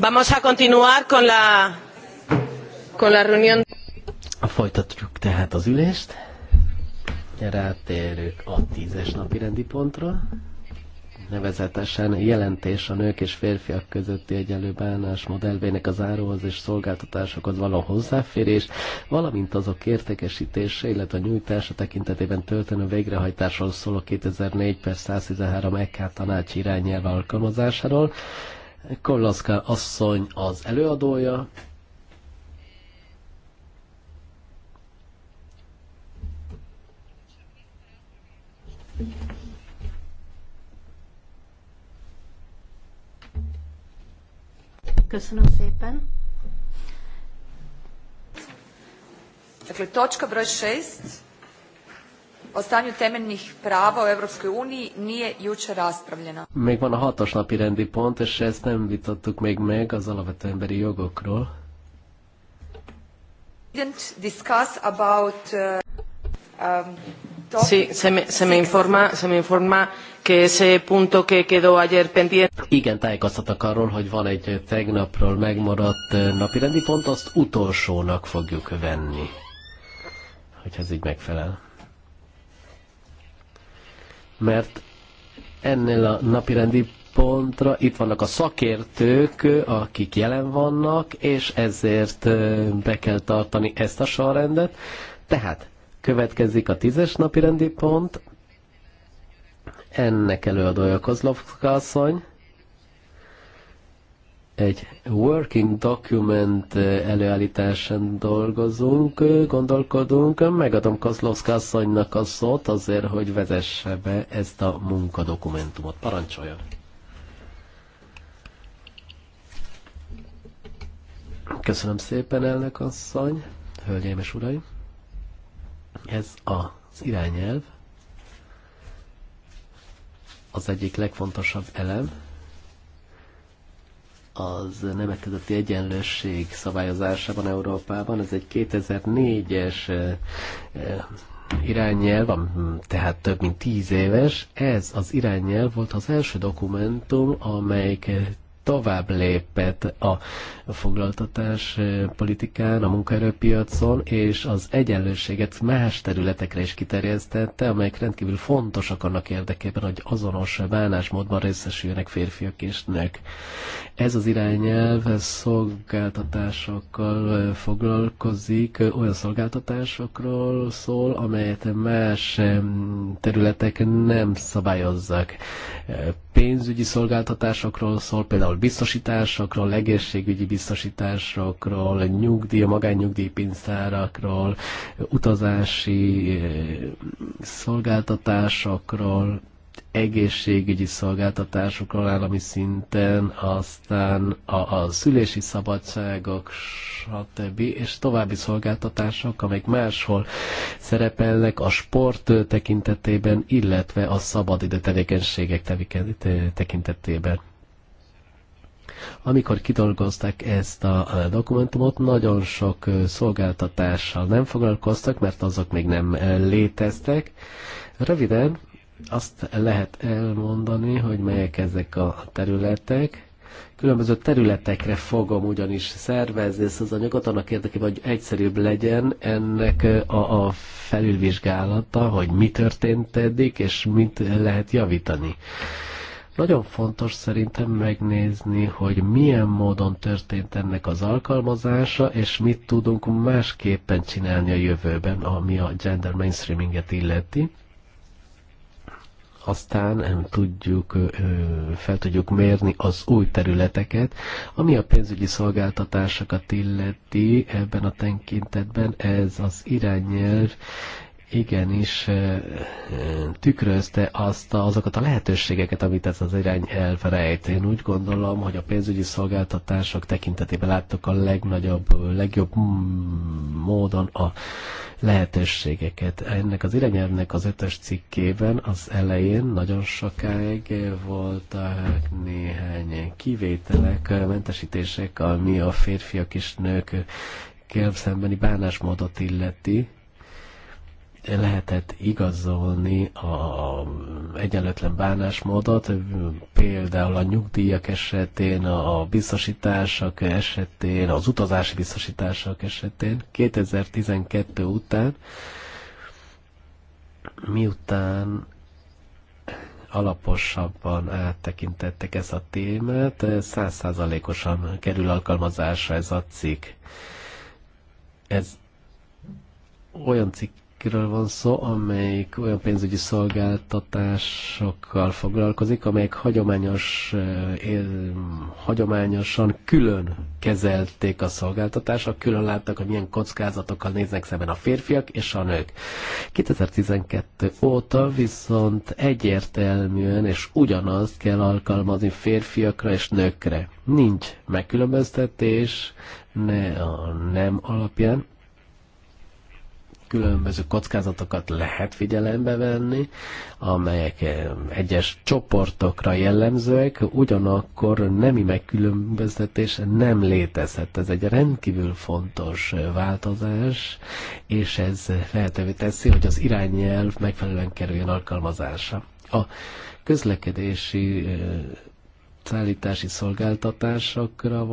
Vamos a continuar con la, con la reunión. Folytatjuk tehát az ülést. Rátérünk a tízes napi rendi pontra. Nevezetesen jelentés a nők és férfiak közötti egyenlő bánás modellvének az áróhoz és szolgáltatásokhoz való hozzáférés, valamint azok értékesítése, illetve a nyújtása tekintetében történő végrehajtásról szóló 2004 per 113 EK tanács irányelv alkalmazásáról. Kollaszka asszony az előadója. Köszönöm szépen. Tehát, hogy tocska, 6 o stanju temeljnih prava u Europskoj uniji nije jučer raspravljena. Még van a hatos napi rendi pont, és ezt nem vitattuk még meg az alapvető emberi jogokról. Didn't discuss about uh, um, Sí, se me, se me informa, se me informa que ese punto que quedó ayer pendiente. Igen, tájékoztatok arról, hogy van egy tegnapról megmaradt uh, napirendi pont, azt utolsónak fogjuk venni, Hogyha ez így megfelel mert ennél a napirendi pontra itt vannak a szakértők, akik jelen vannak, és ezért be kell tartani ezt a sorrendet. Tehát következik a tízes napirendi pont, ennek előadója Kozlovka asszony, egy working document eh, előállításán dolgozunk, eh, gondolkodunk. Megadom Kozlovszka asszonynak a szót azért, hogy vezesse be ezt a munkadokumentumot. Parancsolja! Köszönöm szépen, elnök asszony, hölgyeim és uraim! Ez az irányelv az egyik legfontosabb elem, az nemek közötti egyenlőség szabályozásában Európában. Ez egy 2004-es eh, eh, irányelv, tehát több mint tíz éves. Ez az irányelv volt az első dokumentum, amelyik tovább lépett a foglaltatás politikán, a munkaerőpiacon, és az egyenlőséget más területekre is kiterjesztette, amelyek rendkívül fontosak annak érdekében, hogy azonos bánásmódban részesüljenek férfiak és nők. Ez az irányelv szolgáltatásokkal foglalkozik, olyan szolgáltatásokról szól, amelyet más területek nem szabályozzak. Pénzügyi szolgáltatásokról szól, például például biztosításokról, egészségügyi biztosításokról, nyugdíj, magánnyugdíjpénztárakról, utazási eh, szolgáltatásokról, egészségügyi szolgáltatásokról állami szinten, aztán a, a szülési szabadságok, stb. és további szolgáltatások, amelyek máshol szerepelnek a sport tekintetében, illetve a szabadidő tevékenységek tekintetében. Amikor kidolgozták ezt a eh, dokumentumot, nagyon sok eh, szolgáltatással nem foglalkoztak, mert azok még nem eh, léteztek. Röviden azt lehet elmondani, hogy melyek ezek a területek. Különböző területekre fogom ugyanis szervezni ezt az anyagot, annak érdekében, hogy egyszerűbb legyen ennek a, a felülvizsgálata, hogy mi történt eddig, és mit lehet javítani. Nagyon fontos szerintem megnézni, hogy milyen módon történt ennek az alkalmazása, és mit tudunk másképpen csinálni a jövőben, ami a gender mainstreaminget illeti aztán nem tudjuk, fel tudjuk mérni az új területeket, ami a pénzügyi szolgáltatásokat illeti ebben a tekintetben, ez az irányelv igenis tükrözte azt a, azokat a lehetőségeket, amit ez az irány elfelejt. Én úgy gondolom, hogy a pénzügyi szolgáltatások tekintetében láttuk a legnagyobb, legjobb módon a lehetőségeket. Ennek az irányelvnek az ötös cikkében az elején nagyon sokáig voltak néhány kivételek, mentesítések, ami a férfiak és nők szembeni bánásmódot illeti, lehetett igazolni a egyenlőtlen bánásmódot, például a nyugdíjak esetén, a biztosítások esetén, az utazási biztosítások esetén 2012 után, miután alaposabban áttekintettek ezt a témát, százszázalékosan kerül alkalmazásra ez a cikk. Ez olyan cikk cégekről van szó, amelyik olyan pénzügyi szolgáltatásokkal foglalkozik, amelyek hagyományos, eh, hagyományosan külön kezelték a szolgáltatások, külön láttak, hogy milyen kockázatokkal néznek szemben a férfiak és a nők. 2012 óta viszont egyértelműen és ugyanazt kell alkalmazni férfiakra és nőkre. Nincs megkülönböztetés, ne a nem alapján, különböző kockázatokat lehet figyelembe venni, amelyek eh, egyes csoportokra jellemzőek, ugyanakkor nemi megkülönböztetés nem létezhet. Ez egy rendkívül fontos eh, változás, és ez lehetővé teszi, hogy az irányelv megfelelően kerüljön alkalmazásra. A közlekedési eh, szállítási szolgáltatásokra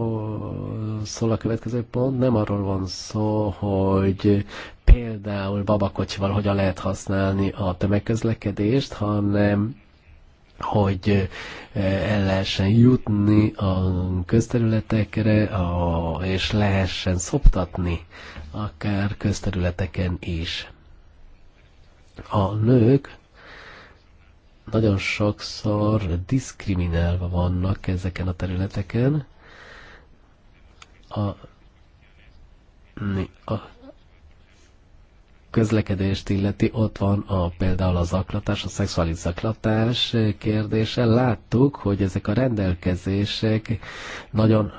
szól a következő pont. Nem arról van szó, hogy például babakocsival hogyan lehet használni a tömegközlekedést, hanem hogy eh, el lehessen jutni a közterületekre, a, és lehessen szoptatni akár közterületeken is. A nők nagyon sokszor diszkriminálva vannak ezeken a területeken. A, a közlekedést illeti, ott van a, például a zaklatás, a szexuális zaklatás kérdése. Láttuk, hogy ezek a rendelkezések nagyon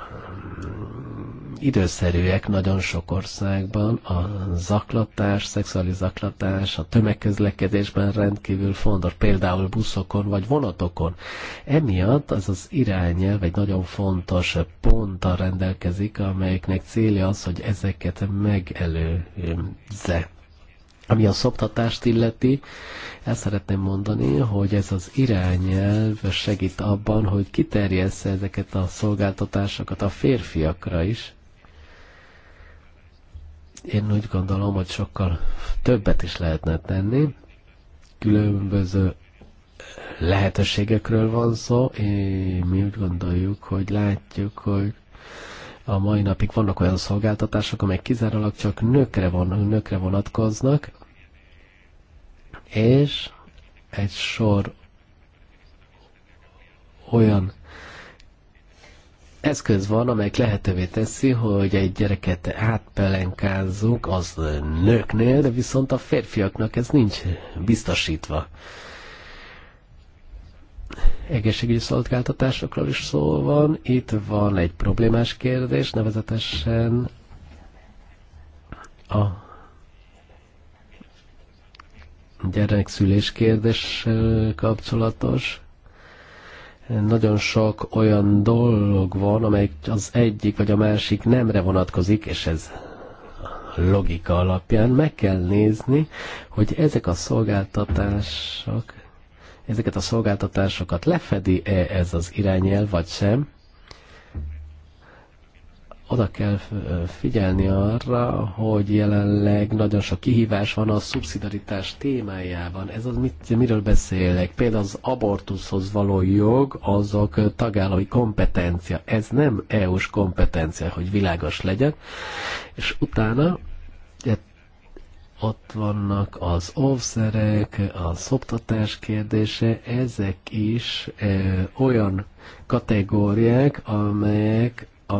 időszerűek nagyon sok országban. A zaklatás, szexuális zaklatás a tömegközlekedésben rendkívül fontos, például buszokon vagy vonatokon. Emiatt az az irányelv egy nagyon fontos ponttal rendelkezik, amelyiknek célja az, hogy ezeket megelőzze. Ami a szoptatást illeti, el szeretném mondani, hogy ez az irányelv segít abban, hogy kiterjessze ezeket a szolgáltatásokat a férfiakra is, én úgy gondolom, hogy sokkal többet is lehetne tenni. Különböző lehetőségekről van szó, és mi úgy gondoljuk, hogy látjuk, hogy a mai napig vannak olyan szolgáltatások, amelyek kizárólag csak nőkre, vannak, nőkre vonatkoznak, és egy sor olyan eszköz van, amely lehetővé teszi, hogy egy gyereket átpelenkázzunk az nőknél, de viszont a férfiaknak ez nincs biztosítva. Egészségügyi szolgáltatásokról is szó van. Itt van egy problémás kérdés, nevezetesen a gyerekszülés kérdés kapcsolatos nagyon sok olyan dolog van, amelyik az egyik vagy a másik nemre vonatkozik, és ez logika alapján meg kell nézni, hogy ezek a szolgáltatások, ezeket a szolgáltatásokat lefedi-e ez az irányel, vagy sem, oda kell figyelni arra, hogy jelenleg nagyon sok kihívás van a szubszidaritás témájában. Ez az, mit, miről beszélek? Például az abortuszhoz való jog, azok tagállami kompetencia. Ez nem EU-s kompetencia, hogy világos legyen. És utána ott vannak az óvszerek, a szoptatás kérdése, ezek is ö, olyan kategóriák, amelyek a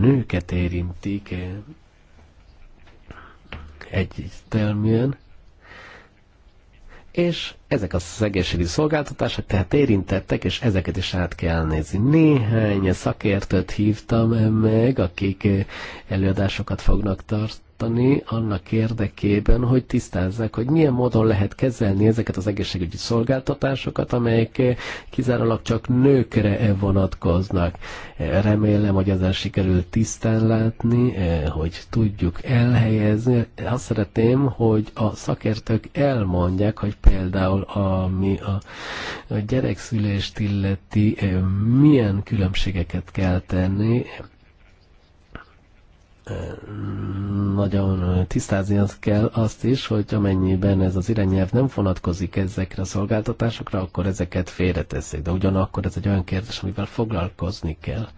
nőket érintik egyértelműen, és ezek a egészségügyi szolgáltatások tehát érintettek, és ezeket is át kell nézni. Néhány szakértőt hívtam meg, akik előadásokat fognak tart, tartani annak érdekében, hogy tisztázzák, hogy milyen módon lehet kezelni ezeket az egészségügyi szolgáltatásokat, amelyek eh, kizárólag csak nőkre eh, vonatkoznak. Eh, remélem, hogy ezzel sikerül tisztán látni, hogy tudjuk elhelyezni. Azt szeretném, hogy a szakértők elmondják, hogy például ami a, a gyerekszülést illeti, milyen különbségeket kell tenni, nagyon tisztázni azt kell azt is, hogy amennyiben ez az irányelv nem vonatkozik ezekre a szolgáltatásokra, akkor ezeket félretesszék. De ugyanakkor ez egy olyan kérdés, amivel foglalkozni kell.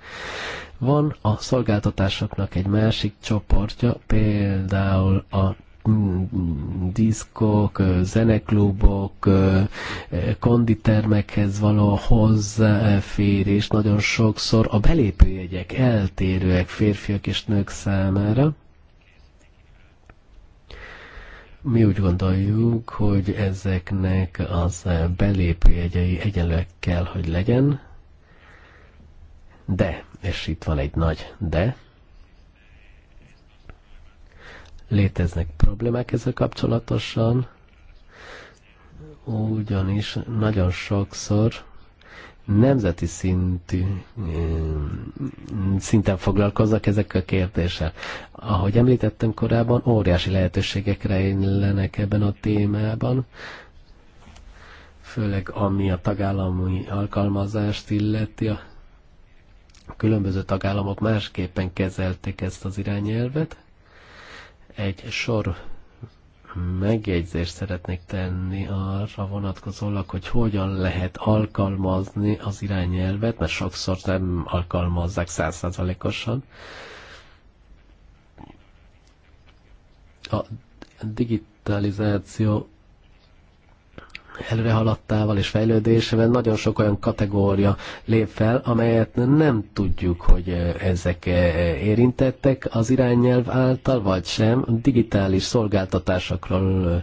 Van a szolgáltatásoknak egy másik csoportja, például a diszkok, zeneklubok, konditermekhez való hozzáférés nagyon sokszor a belépőjegyek eltérőek férfiak és nők számára. Mi úgy gondoljuk, hogy ezeknek az belépőjegyei egyenlőek kell, hogy legyen, de, és itt van egy nagy de, Léteznek problémák ezzel kapcsolatosan, ugyanis nagyon sokszor nemzeti szintű szinten foglalkoznak ezek a kérdéssel. Ahogy említettem korábban, óriási lehetőségek rejlenek ebben a témában, főleg ami a tagállami alkalmazást illeti, a különböző tagállamok másképpen kezelték ezt az irányelvet, egy sor megjegyzést szeretnék tenni arra vonatkozólag, hogy hogyan lehet alkalmazni az irányelvet, mert sokszor nem alkalmazzák százszázalékosan. A digitalizáció előrehaladtával és fejlődésével nagyon sok olyan kategória lép fel, amelyet nem tudjuk, hogy ezek érintettek az irányelv által, vagy sem. Digitális szolgáltatásokról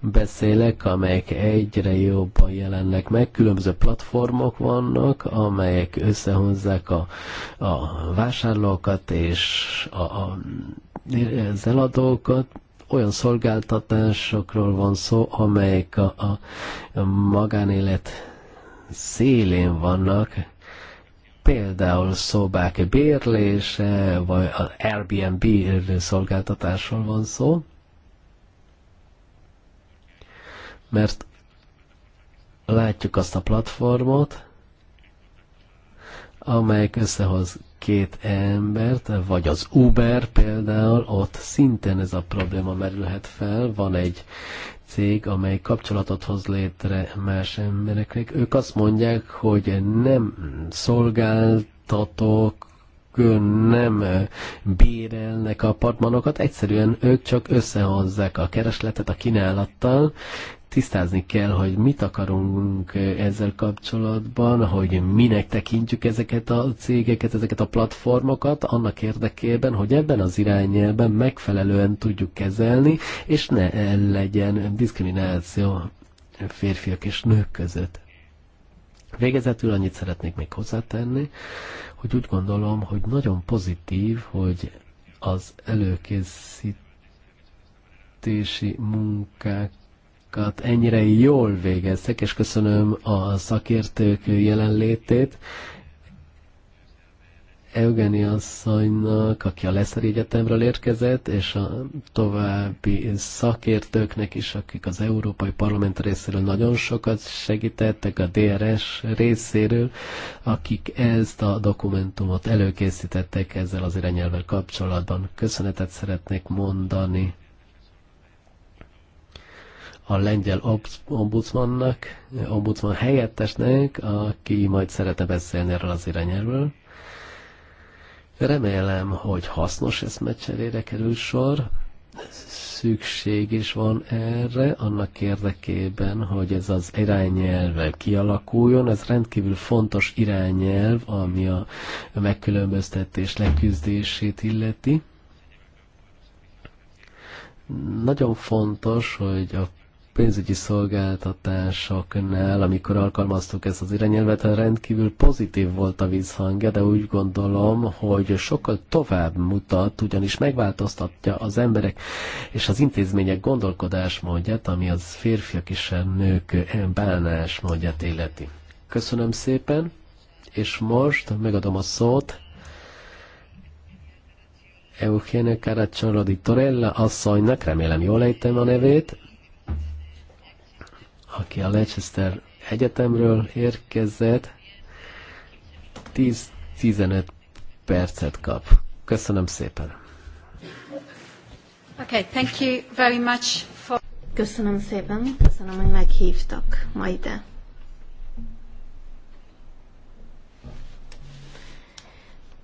beszélek, amelyek egyre jobban jelennek meg. Különböző platformok vannak, amelyek összehozzák a, a vásárlókat és a, a az eladókat, olyan szolgáltatásokról van szó, amelyek a, a, magánélet szélén vannak, például szobák bérlése, vagy az Airbnb szolgáltatásról van szó, mert látjuk azt a platformot, amelyek összehoz két embert, vagy az Uber például, ott szintén ez a probléma merülhet fel. Van egy cég, amely kapcsolatot hoz létre más embereknek. Ők azt mondják, hogy nem szolgáltatók, nem bérelnek apartmanokat, egyszerűen ők csak összehozzák a keresletet a kínálattal, tisztázni kell, hogy mit akarunk ezzel kapcsolatban, hogy minek tekintjük ezeket a cégeket, ezeket a platformokat, annak érdekében, hogy ebben az irányelben megfelelően tudjuk kezelni, és ne legyen diszkrimináció férfiak és nők között. Végezetül annyit szeretnék még hozzátenni, hogy úgy gondolom, hogy nagyon pozitív, hogy az előkészítési munkák munkájukat ennyire jól végeztek, és köszönöm a szakértők jelenlétét. Eugeni asszonynak, aki a Leszeri Egyetemről érkezett, és a további szakértőknek is, akik az Európai Parlament részéről nagyon sokat segítettek, a DRS részéről, akik ezt a dokumentumot előkészítettek ezzel az irányelvvel kapcsolatban. Köszönetet szeretnék mondani a lengyel ombudsmannak, ombudsman helyettesnek, aki majd szeretne beszélni erről az irányelvről. Remélem, hogy hasznos ez meccserére kerül sor. Szükség is van erre, annak érdekében, hogy ez az irányelv kialakuljon. Ez rendkívül fontos irányelv, ami a megkülönböztetés leküzdését illeti. Nagyon fontos, hogy a pénzügyi szolgáltatásoknál, amikor alkalmaztuk ezt az irányelvet, rendkívül pozitív volt a vízhangja, de úgy gondolom, hogy sokkal tovább mutat, ugyanis megváltoztatja az emberek és az intézmények gondolkodásmódját, ami az férfiak és a nők bánásmódját illeti. Köszönöm szépen, és most megadom a szót Eugenio Caracciolo di Torella asszonynak, remélem jól ejtem a nevét, aki a Leicester Egyetemről érkezett, 10-15 percet kap. Köszönöm szépen. Okay, thank you very much for... Köszönöm szépen, köszönöm, hogy meghívtak ma ide.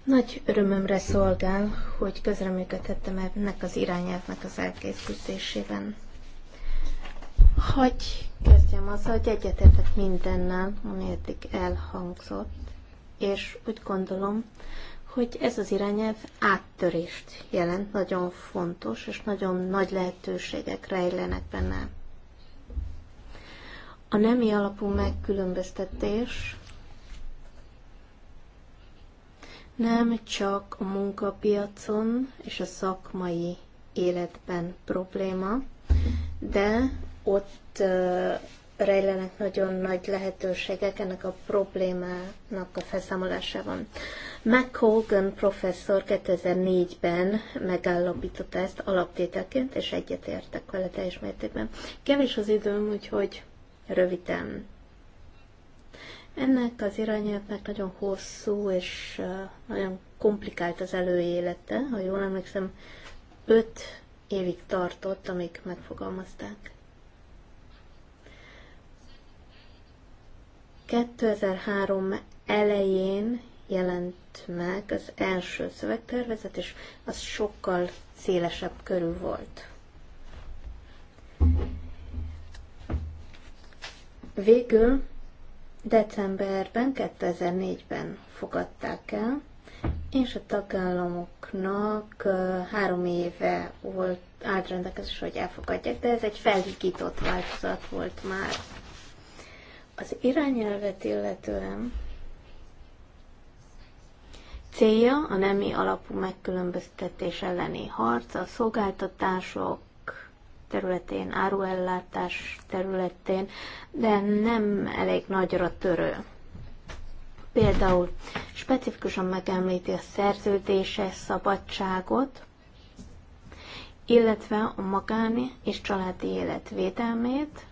Nagy örömömre szolgál, hogy közreműködhettem ennek az irányátnak az elkészítésében. Hogy kezdjem azzal, hogy egyetértek mindennel, ami eddig elhangzott, és úgy gondolom, hogy ez az irányelv áttörést jelent, nagyon fontos, és nagyon nagy lehetőségek rejlenek benne. A nemi alapú megkülönböztetés nem csak a munkapiacon és a szakmai életben probléma, de ott rejlenek nagyon nagy lehetőségek ennek a problémának a felszámolásában. McCogan professzor 2004-ben megállapította ezt alaptételként, és egyetértek vele teljes mértékben. Kevés az időm, úgyhogy röviden. Ennek az irányelvnek nagyon hosszú és nagyon komplikált az előélete, ha jól emlékszem, öt évig tartott, amíg megfogalmazták. 2003 elején jelent meg az első szövegtervezet, és az sokkal szélesebb körül volt. Végül decemberben, 2004-ben fogadták el, és a tagállamoknak három éve volt állt hogy elfogadják, de ez egy felhigított változat volt már. Az irányelvet illetően célja a nemi alapú megkülönböztetés elleni harc, a szolgáltatások területén, áruellátás területén, de nem elég nagyra törő. Például specifikusan megemlíti a szerződéses szabadságot, illetve a magáni és családi élet védelmét,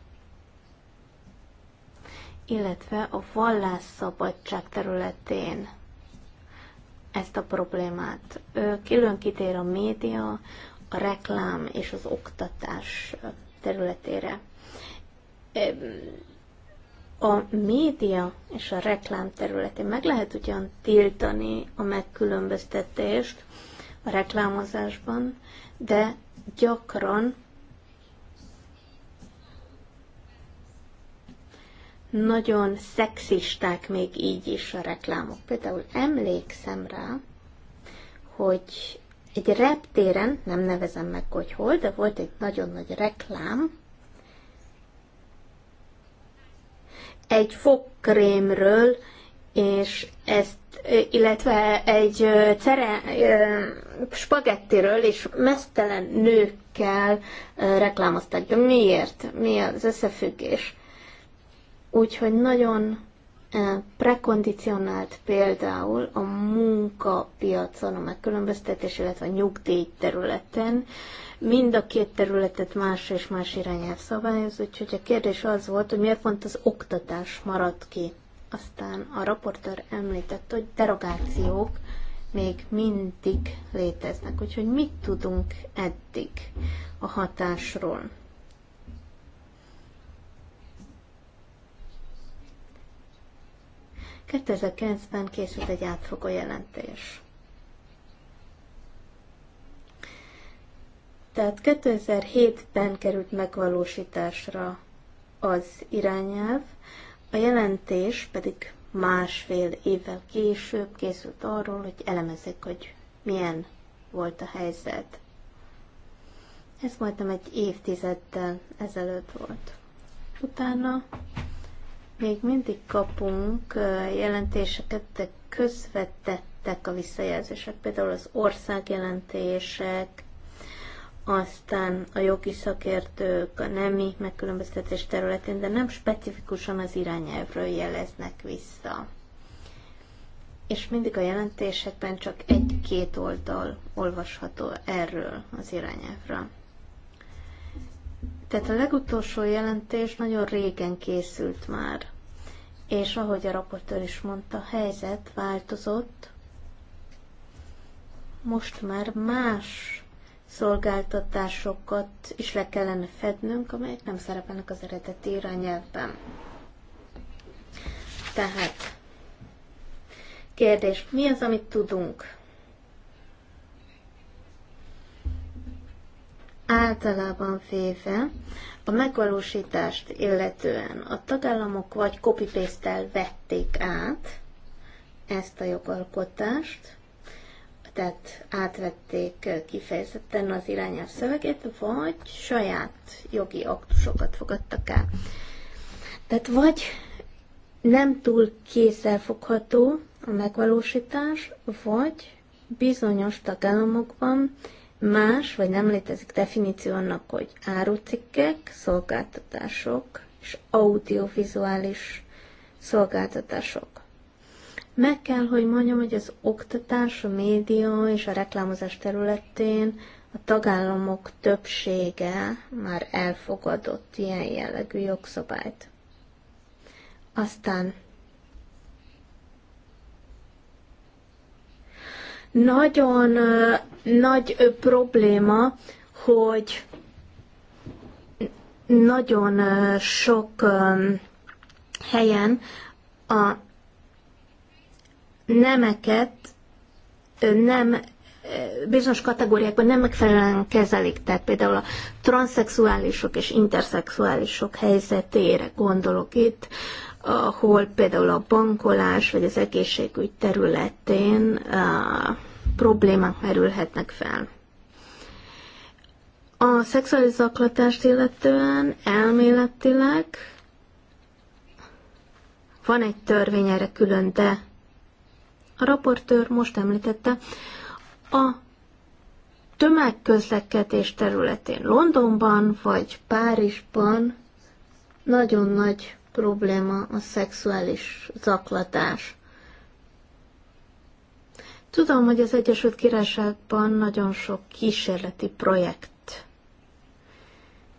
illetve a vallásszabadság területén ezt a problémát. Külön kitér a média, a reklám és az oktatás területére. A média és a reklám területén meg lehet ugyan tiltani a megkülönböztetést a reklámozásban, de gyakran nagyon szexisták még így is a reklámok. Például emlékszem rá, hogy egy reptéren, nem nevezem meg, hogy hol, de volt egy nagyon nagy reklám, egy fogkrémről, és ezt, illetve egy cere, spagettiről, és mesztelen nőkkel reklámozták. De miért? Mi az összefüggés? Úgyhogy nagyon eh, prekondicionált például a munkapiacon, a megkülönböztetés, illetve a nyugdíj területen. Mind a két területet más és más irányelv szabályoz, úgyhogy a kérdés az volt, hogy miért pont az oktatás maradt ki. Aztán a raportőr említett, hogy derogációk még mindig léteznek, úgyhogy mit tudunk eddig a hatásról. 2009-ben készült egy átfogó jelentés. Tehát 2007-ben került megvalósításra az irányelv, a jelentés pedig másfél évvel később készült arról, hogy elemezik, hogy milyen volt a helyzet. Ez majdnem egy évtizeddel ezelőtt volt. Utána még mindig kapunk jelentéseket, de közvetettek a visszajelzések, például az országjelentések, aztán a jogi szakértők a nemi megkülönböztetés területén, de nem specifikusan az irányelvről jeleznek vissza. És mindig a jelentésekben csak egy-két oldal olvasható erről az irányelvről. Tehát a legutolsó jelentés nagyon régen készült már, és ahogy a raportőr is mondta, a helyzet változott. Most már más szolgáltatásokat is le kellene fednünk, amelyek nem szerepelnek az eredeti irányelvben. Tehát, kérdés, mi az, amit tudunk? általában véve a megvalósítást illetően a tagállamok vagy copy paste vették át ezt a jogalkotást, tehát átvették kifejezetten az irányelv szöveget, vagy saját jogi aktusokat fogadtak el. Tehát vagy nem túl kézzelfogható a megvalósítás, vagy bizonyos tagállamokban más, vagy nem létezik definíció annak, hogy árucikkek, szolgáltatások és audiovizuális szolgáltatások. Meg kell, hogy mondjam, hogy az oktatás, a média és a reklámozás területén a tagállamok többsége már elfogadott ilyen jellegű jogszabályt. Aztán Nagyon nagy probléma, hogy nagyon sok helyen a nemeket nem bizonyos kategóriákban nem megfelelően kezelik, tehát például a transzexuálisok és interszexuálisok helyzetére gondolok itt, ahol például a bankolás vagy az egészségügy területén eh, problémák merülhetnek fel. A szexuális zaklatást illetően elméletileg van egy törvény erre külön, de a raportőr most említette, a tömegközlekedés területén Londonban vagy Párizsban nagyon nagy probléma a szexuális zaklatás. Tudom, hogy az Egyesült Királyságban nagyon sok kísérleti projekt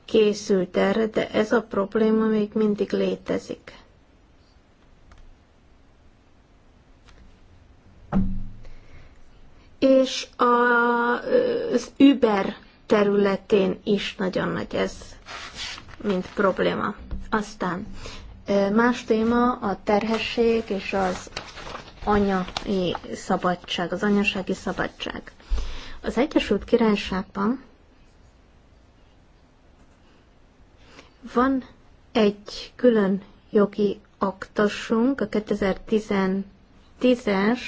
készült erre, de ez a probléma még mindig létezik. És a, az Uber területén is nagyon nagy ez, mint probléma. Aztán Más téma a terhesség és az anyai szabadság, az anyasági szabadság. Az Egyesült Királyságban van egy külön jogi aktusunk, a 2010-es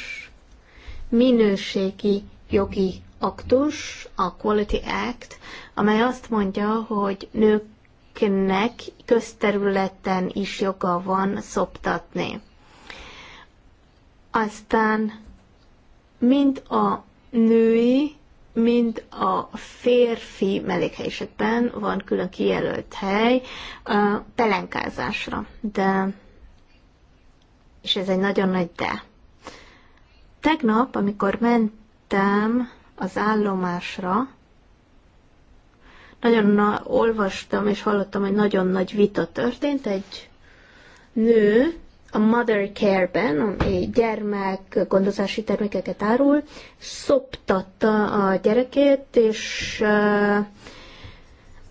minőségi jogi aktus, a Quality Act, amely azt mondja, hogy nők cégeknek közterületen is joga van szoptatni. Aztán mind a női, mind a férfi mellékhelyiségben van külön kijelölt hely a pelenkázásra. De, és ez egy nagyon nagy de. Tegnap, amikor mentem az állomásra, nagyon na, olvastam és hallottam, hogy nagyon nagy vita történt. Egy nő a Mother Care-ben, ami gyermek gondozási termékeket árul, szoptatta a gyerekét, és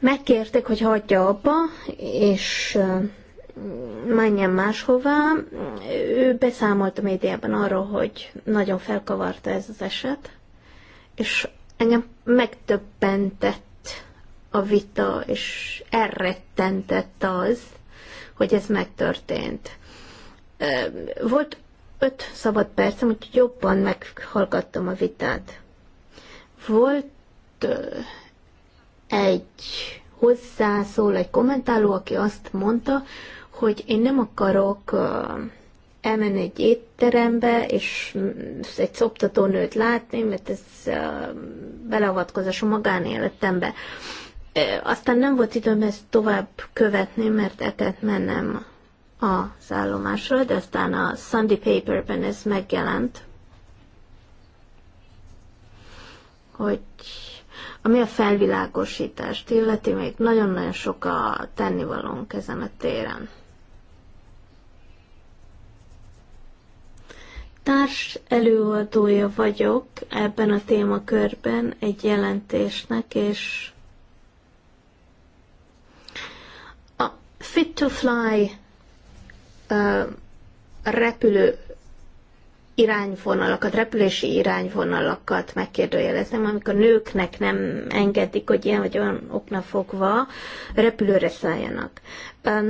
megkértek, hogy hagyja abba, és menjen máshová. Ő beszámolt a médiában arról, hogy nagyon felkavarta ez az eset, és engem megtöbbentett a vita, és elrettentett az, hogy ez megtörtént. Volt öt szabad percem, úgyhogy jobban meghallgattam a vitát. Volt egy hozzászól, egy kommentáló, aki azt mondta, hogy én nem akarok elmenni egy étterembe, és egy szoptatónőt látni, mert ez beleavatkozás a magánéletembe. Aztán nem volt időm ezt tovább követni, mert etett mennem az állomásra, de aztán a Sunday Paperben ez megjelent, hogy ami a felvilágosítást illeti, még nagyon-nagyon sok a tennivalónk ezen a téren. Társ előadója vagyok ebben a témakörben egy jelentésnek, és fit to fly uh, repülő irányvonalakat, repülési irányvonalakat megkérdőjelezem, amikor nőknek nem engedik, hogy ilyen vagy olyan okna fogva repülőre szálljanak.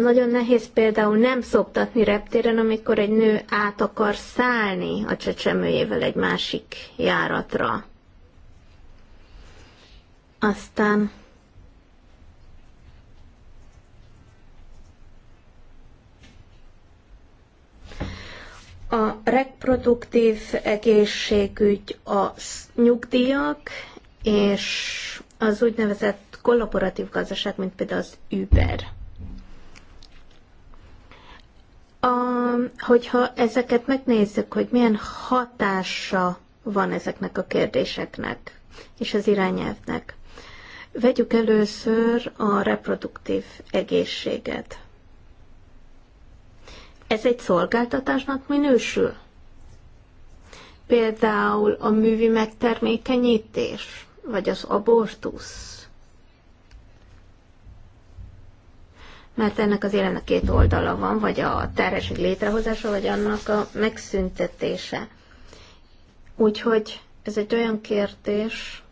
Nagyon nehéz például nem szoptatni reptéren, amikor egy nő át akar szállni a csecsemőjével egy másik járatra. Aztán a reproduktív egészségügy, a nyugdíjak és az úgynevezett kollaboratív gazdaság, mint például az Uber. A, hogyha ezeket megnézzük, hogy milyen hatása van ezeknek a kérdéseknek és az irányelvnek. Vegyük először a reproduktív egészséget ez egy szolgáltatásnak minősül. Például a művi megtermékenyítés, vagy az abortusz. Mert ennek az élennek két oldala van, vagy a terhesség létrehozása, vagy annak a megszüntetése. Úgyhogy ez egy olyan kérdés,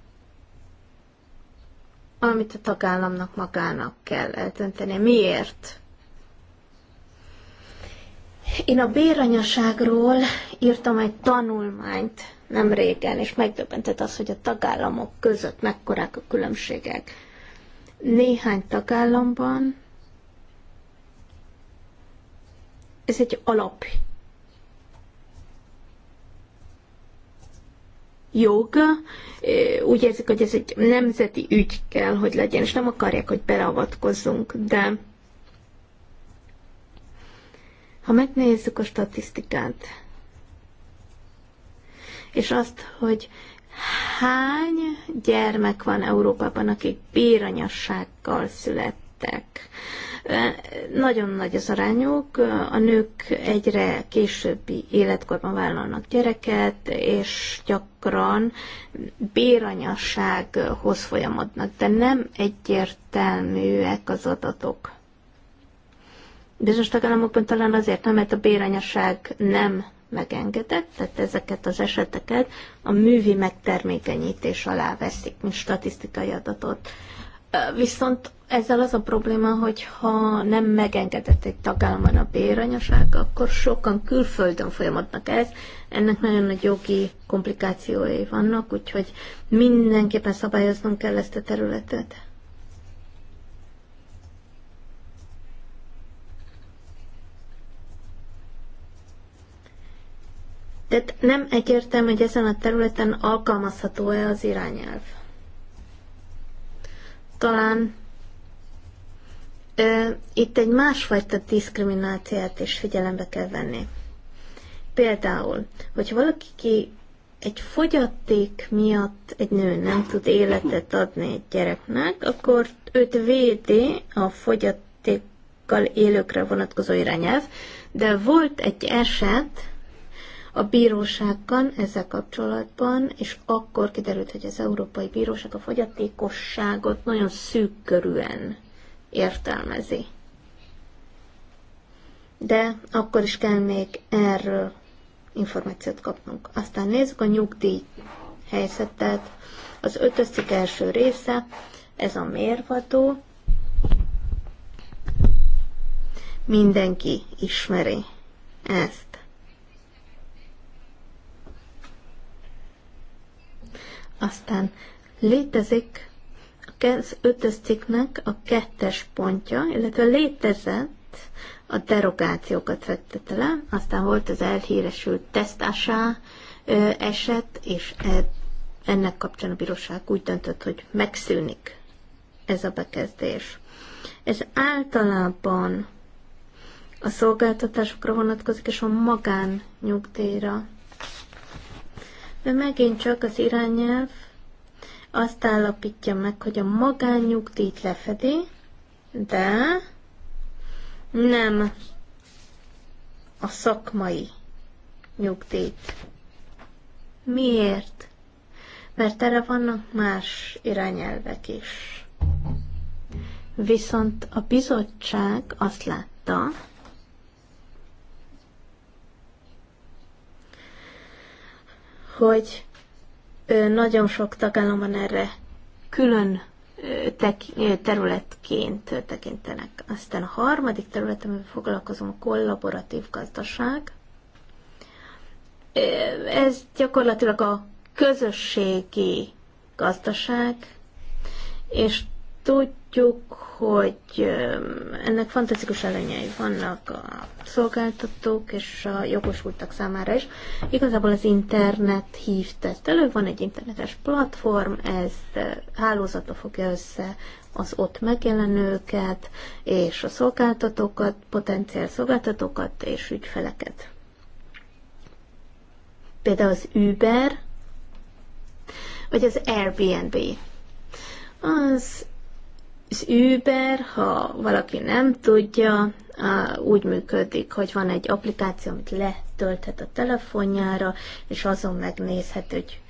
amit a tagállamnak magának kell eltönteni. Miért? Én a béranyaságról írtam egy tanulmányt nem régen, és megdöbbentett az, hogy a tagállamok között mekkorák a különbségek. Néhány tagállamban ez egy alap jog, úgy érzik, hogy ez egy nemzeti ügy kell, hogy legyen, és nem akarják, hogy beleavatkozzunk, de ha megnézzük a statisztikát, és azt, hogy hány gyermek van Európában, akik béranyassággal születtek. Nagyon nagy az arányuk, a nők egyre későbbi életkorban vállalnak gyereket, és gyakran béranyassághoz folyamodnak, de nem egyértelműek az adatok. Bizonyos tagállamokban talán azért nem, mert a béranyaság nem megengedett, tehát ezeket az eseteket a művi megtermékenyítés alá veszik, mint statisztikai adatot. Viszont ezzel az a probléma, hogy ha nem megengedett egy tagállamban a béranyaság, akkor sokan külföldön folyamatnak ez. Ennek nagyon nagy jogi komplikációi vannak, úgyhogy mindenképpen szabályoznunk kell ezt a területet. Tehát nem egyértelmű, hogy ezen a területen alkalmazható-e az irányelv. Talán ö, itt egy másfajta diszkrimináciát is figyelembe kell venni. Például, hogyha valaki ki egy fogyaték miatt egy nő nem tud életet adni egy gyereknek, akkor őt védi a fogyatékkal élőkre vonatkozó irányelv, de volt egy eset, a bírósággal ezzel kapcsolatban, és akkor kiderült, hogy az Európai Bíróság a fogyatékosságot nagyon szűk értelmezi. De akkor is kell még erről információt kapnunk. Aztán nézzük a nyugdíj helyzetet. Az ötös első része, ez a mérvadó, mindenki ismeri ezt. Aztán létezik az ötös cikknek a kettes pontja, illetve létezett a derogációkat fektette le, aztán volt az elhíresült tesztásá eset, és e- ennek kapcsán a bíróság úgy döntött, hogy megszűnik ez a bekezdés. Ez általában a szolgáltatásokra vonatkozik, és a magán nyugdíjra. De megint csak az irányelv azt állapítja meg, hogy a magánnyugdíjt lefedi, de nem a szakmai nyugdíjt. Miért? Mert erre vannak más irányelvek is. Viszont a bizottság azt látta, hogy nagyon sok tagállam van erre külön területként tekintenek. Aztán a harmadik terület, amivel foglalkozom, a kollaboratív gazdaság. Ez gyakorlatilag a közösségi gazdaság, és Tudjuk, hogy ennek fantasztikus előnyei vannak a szolgáltatók és a jogosultak számára is. Igazából az internet hívta ezt elő, van egy internetes platform, ez hálózata fogja össze az ott megjelenőket, és a szolgáltatókat, potenciál szolgáltatókat és ügyfeleket. Például az Uber, vagy az Airbnb. Az az Uber, ha valaki nem tudja, úgy működik, hogy van egy applikáció, amit letölthet a telefonjára, és azon megnézhet, hogy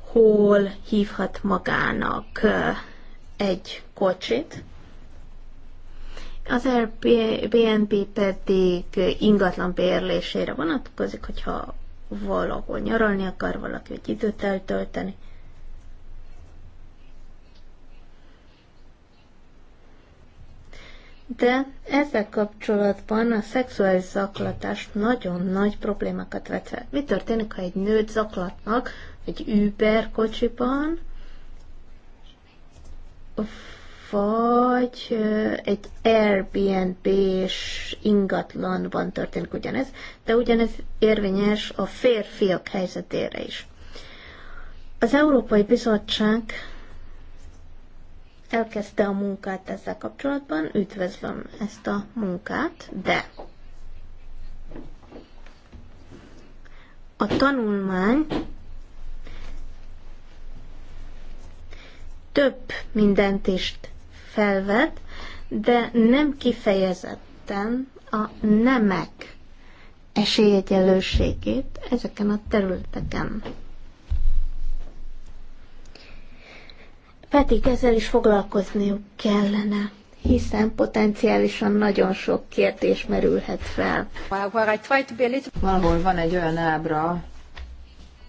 hol hívhat magának egy kocsit. Az Airbnb pedig ingatlan bérlésére vonatkozik, hogyha valahol nyaralni akar valaki, egy időt eltölteni. de ezzel kapcsolatban a szexuális zaklatás nagyon nagy problémákat vet fel. Mi történik, ha egy nőt zaklatnak egy Uber kocsiban, vagy egy Airbnb-s ingatlanban történik ugyanez, de ugyanez érvényes a férfiak helyzetére is. Az Európai Bizottság elkezdte a munkát ezzel kapcsolatban, üdvözlöm ezt a munkát, de a tanulmány több mindent is felvet, de nem kifejezetten a nemek esélyegyenlőségét ezeken a területeken. pedig ezzel is foglalkozniuk kellene hiszen potenciálisan nagyon sok kérdés merülhet fel. Valahol van egy olyan ábra,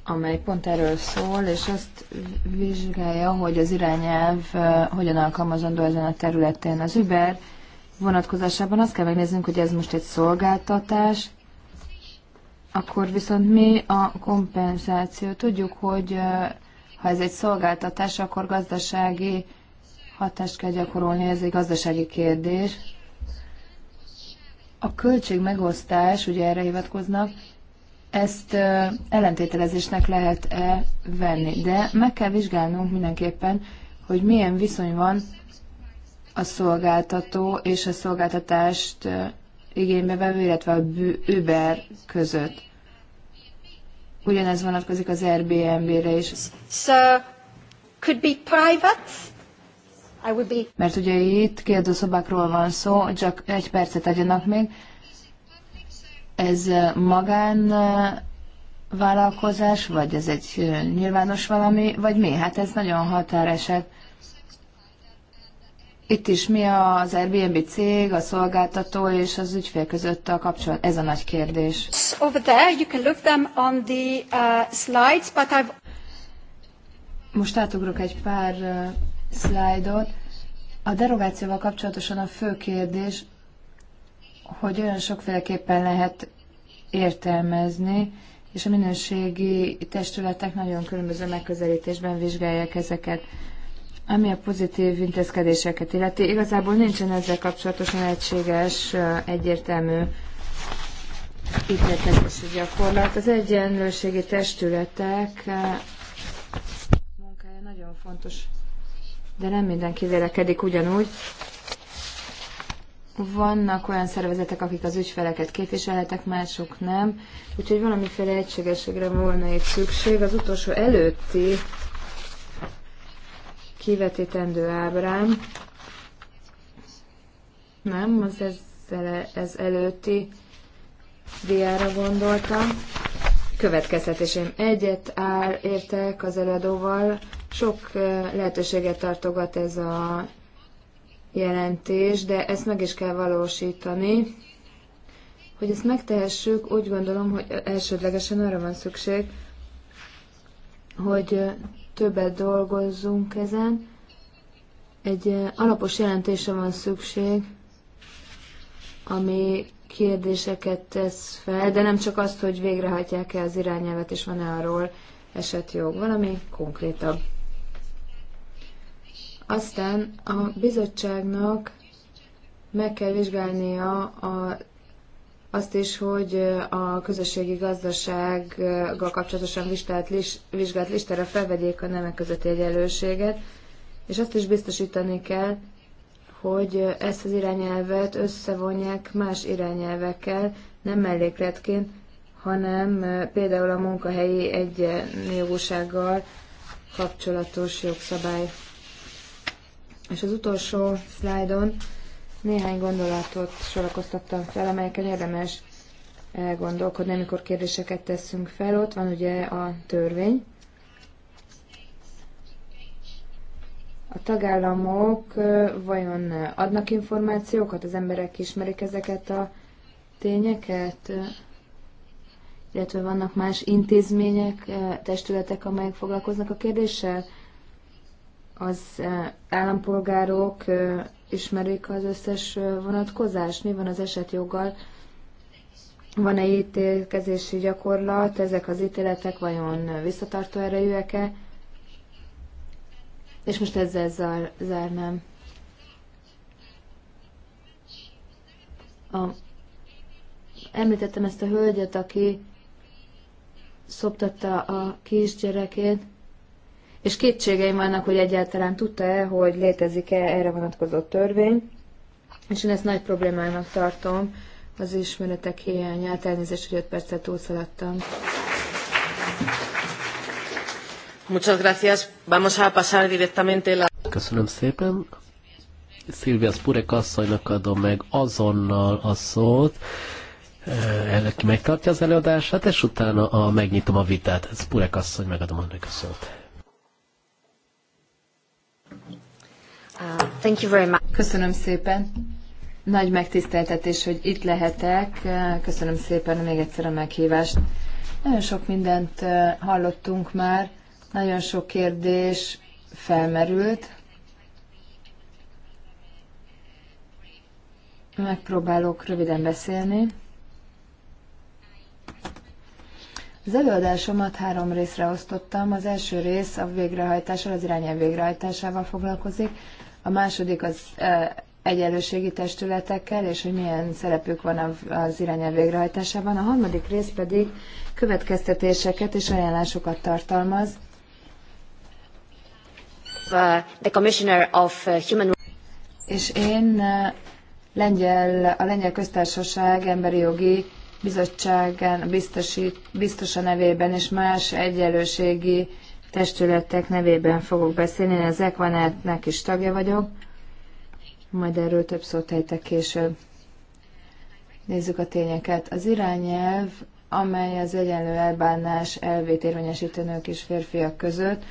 amely pont erről szól, és azt vizsgálja, hogy az irányelv hogyan alkalmazandó ezen a területen. Az Uber vonatkozásában azt kell megnéznünk, hogy ez most egy szolgáltatás, akkor viszont mi a kompenzáció? Tudjuk, hogy ha ez egy szolgáltatás, akkor gazdasági hatást kell gyakorolni, ez egy gazdasági kérdés. A költség megosztás, ugye erre hivatkoznak, ezt ellentételezésnek lehet-e venni. De meg kell vizsgálnunk mindenképpen, hogy milyen viszony van a szolgáltató és a szolgáltatást igénybe vevő, illetve a Uber között. Ugyanez vonatkozik az Airbnb-re is. So, could be private. I would be... Mert ugye itt kérdőszobákról van szó, csak egy percet adjanak még. Ez magán vállalkozás, vagy ez egy nyilvános valami, vagy mi? Hát ez nagyon határeset. Itt is mi az Airbnb cég, a szolgáltató és az ügyfél között a kapcsolat? Ez a nagy kérdés. Uh, Most átugrok egy pár uh, szlájdot. A derogációval kapcsolatosan a fő kérdés, hogy olyan sokféleképpen lehet értelmezni, és a minőségi testületek nagyon különböző megközelítésben vizsgálják ezeket. Ami a pozitív intézkedéseket illeti, igazából nincsen ezzel kapcsolatosan egységes, egyértelmű ítélkezési gyakorlat. Az egyenlőségi testületek munkája nagyon fontos, de nem mindenki vélekedik ugyanúgy. Vannak olyan szervezetek, akik az ügyfeleket képviselhetek, mások nem, úgyhogy valamiféle egységességre volna itt szükség. Az utolsó előtti kivetítendő ábrán, nem, az ezzel, ez előtti diára gondoltam. Következtetésém egyet áll, értek az előadóval, sok lehetőséget tartogat ez a jelentés, de ezt meg is kell valósítani. Hogy ezt megtehessük, úgy gondolom, hogy elsődlegesen arra van szükség, hogy többet dolgozzunk ezen. Egy eh, alapos jelentése van szükség, ami kérdéseket tesz fel, de nem csak azt, hogy végrehajtják-e az irányelvet, és van-e arról esetjog, valami konkrétabb. Aztán a bizottságnak meg kell vizsgálnia a azt is, hogy a közösségi gazdasággal kapcsolatosan vizsgált, vizsgált listára felvegyék a nemek közötti egyenlőséget, és azt is biztosítani kell, hogy ezt az irányelvet összevonják más irányelvekkel, nem mellékletként, hanem például a munkahelyi egyenjogúsággal kapcsolatos jogszabály. És az utolsó szlájdon néhány gondolatot sorakoztattam fel, amelyeken érdemes elgondolkodni, amikor kérdéseket teszünk fel. Ott van ugye a törvény. A tagállamok vajon adnak információkat, az emberek ismerik ezeket a tényeket, illetve vannak más intézmények, testületek, amelyek foglalkoznak a kérdéssel. Az állampolgárok ismerik az összes vonatkozást, mi van az esetjoggal, van-e ítélkezési gyakorlat, ezek az ítéletek vajon visszatartó erejűek-e, és most ezzel zár, zárnám. A, említettem ezt a hölgyet, aki szoptatta a kisgyerekét, és kétségeim vannak, hogy egyáltalán tudta-e, hogy létezik-e erre vonatkozó törvény, és én ezt nagy problémának tartom, az ismeretek hiányát, elnézést, hogy 5 percet túlszaladtam. Muchas gracias. Vamos a pasar directamente la... Köszönöm szépen. Szilvia Spurek asszonynak adom meg azonnal a szót. Eh, Elnök megtartja az előadását, és utána a, megnyitom a vitát. Spurek asszony, megadom annak a szót. thank you very much. Köszönöm szépen. Nagy megtiszteltetés, hogy itt lehetek. Köszönöm szépen még egyszer a meghívást. Nagyon sok mindent hallottunk már, nagyon sok kérdés felmerült. Megpróbálok röviden beszélni. Az előadásomat három részre osztottam. Az első rész a végrehajtással, az irányelv végrehajtásával foglalkozik a második az egyenlőségi testületekkel, és hogy milyen szerepük van az irányelv végrehajtásában. A harmadik rész pedig következtetéseket és ajánlásokat tartalmaz. Uh, the Commissioner of uh, Human És én uh, lengyel, a Lengyel Köztársaság Emberi Jogi Bizottságán biztosan biztosa nevében és más egyenlőségi testületek nevében fogok beszélni, én az Equanetnek is tagja vagyok, majd erről több szót ejtek később. Nézzük a tényeket. Az irányelv, amely az egyenlő elbánás elvét érvényesítő nők és férfiak között,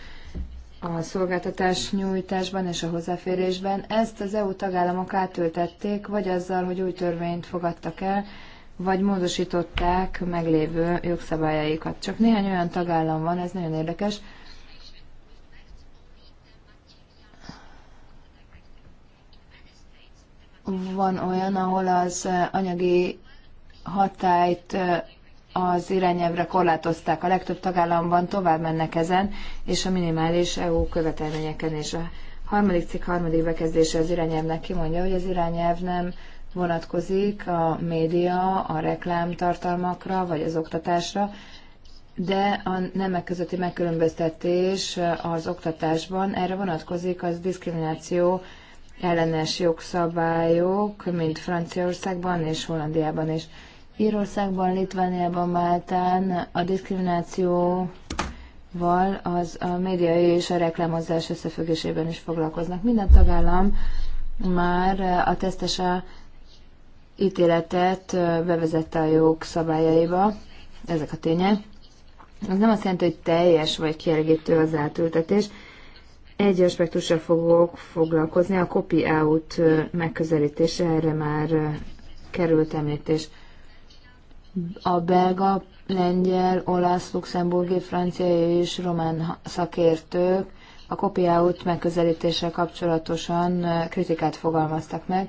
a szolgáltatás nyújtásban és a hozzáférésben. Ezt az EU tagállamok átültették, vagy azzal, hogy új törvényt fogadtak el, vagy módosították meglévő jogszabályaikat. Csak néhány olyan tagállam van, ez nagyon érdekes, van olyan, ahol az eh, anyagi hatályt eh, az irányelvre korlátozták. A legtöbb tagállamban tovább mennek ezen, és a minimális EU követelményeken és a harmadik cikk harmadik bekezdése az irányelvnek kimondja, hogy az irányelv nem vonatkozik a média, a tartalmakra, vagy az oktatásra, de a nemek közötti megkülönböztetés eh, az oktatásban erre vonatkozik az diszkrimináció ellenes jogszabályok, mint Franciaországban és Hollandiában is. Írországban, Litvániában, Máltán a diszkriminációval az a média és a reklámozás összefüggésében is foglalkoznak. Minden tagállam már a a ítéletet bevezette a jogszabályaiba, ezek a tények. Ez nem azt jelenti, hogy teljes vagy kielégítő az átültetés, egy aspektusra fogok foglalkozni, a copy-out megközelítése, erre már került említés. A belga, lengyel, olasz, luxemburgi, francia és román szakértők a copy-out megközelítéssel kapcsolatosan kritikát fogalmaztak meg,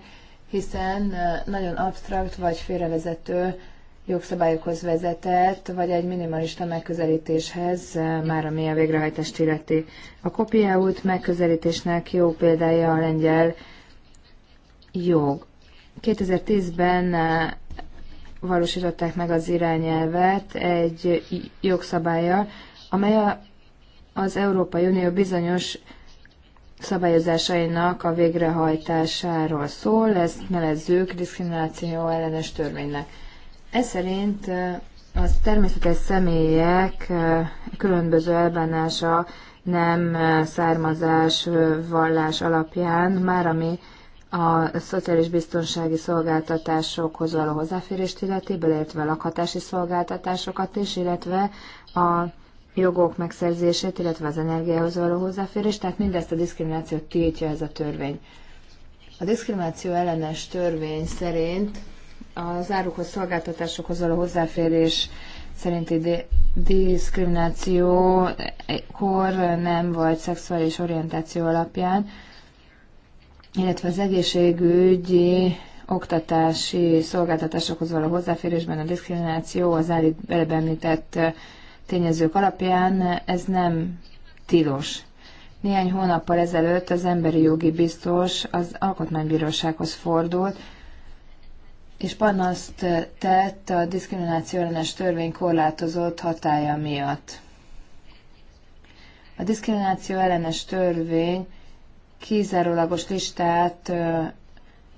hiszen nagyon absztrakt vagy félrevezető jogszabályokhoz vezetett, vagy egy minimalista megközelítéshez, eh, már ami a végrehajtást illeti. A kopiáút megközelítésnek jó példája a lengyel jog. 2010-ben eh, valósították meg az irányelvet egy jogszabálya, amely a, az Európai Unió bizonyos szabályozásainak a végrehajtásáról szól, ezt nevezzük diszkrimináció ellenes törvénynek. Ez szerint az természetes személyek különböző elbánása nem származás, vallás alapján, már ami a szociális biztonsági szolgáltatásokhoz való hozzáférést illeti, beleértve a lakhatási szolgáltatásokat is, illetve a jogok megszerzését, illetve az energiához való hozzáférést, tehát mindezt a diszkriminációt tiltja ez a törvény. A diszkrimináció ellenes törvény szerint az árukhoz, szolgáltatásokhoz való hozzáférés szerinti diszkrimináció kor, nem vagy szexuális orientáció alapján, illetve az egészségügyi oktatási szolgáltatásokhoz való hozzáférésben a diszkrimináció az állít említett tényezők alapján ez nem tilos. Néhány hónappal ezelőtt az emberi jogi biztos az alkotmánybírósághoz fordult, és panaszt tett a diszkrimináció ellenes törvény korlátozott hatája miatt. A diszkrimináció ellenes törvény kizárólagos listát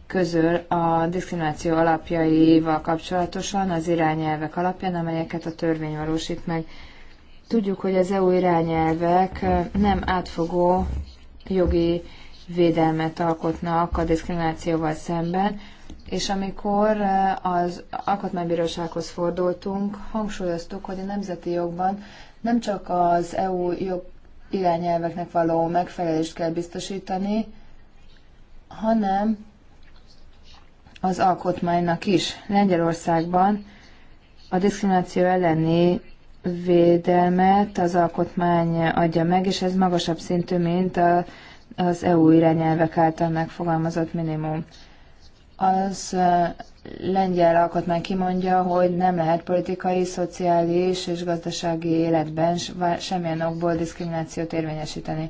közöl a diszkrimináció alapjaival kapcsolatosan az irányelvek alapján, amelyeket a törvény valósít meg. Tudjuk, hogy az EU irányelvek nem átfogó jogi védelmet alkotnak a diszkriminációval szemben, és amikor eh, az alkotmánybírósághoz fordultunk, hangsúlyoztuk, hogy a nemzeti jogban nem csak az EU jog irányelveknek való megfelelést kell biztosítani, hanem az alkotmánynak is. Lengyelországban a diszkrimináció elleni védelmet az alkotmány adja meg, és ez magasabb szintű, mint a, az EU irányelvek által megfogalmazott minimum az lengyel alkotmány kimondja, hogy nem lehet politikai, szociális és gazdasági életben semmilyen okból diszkriminációt érvényesíteni.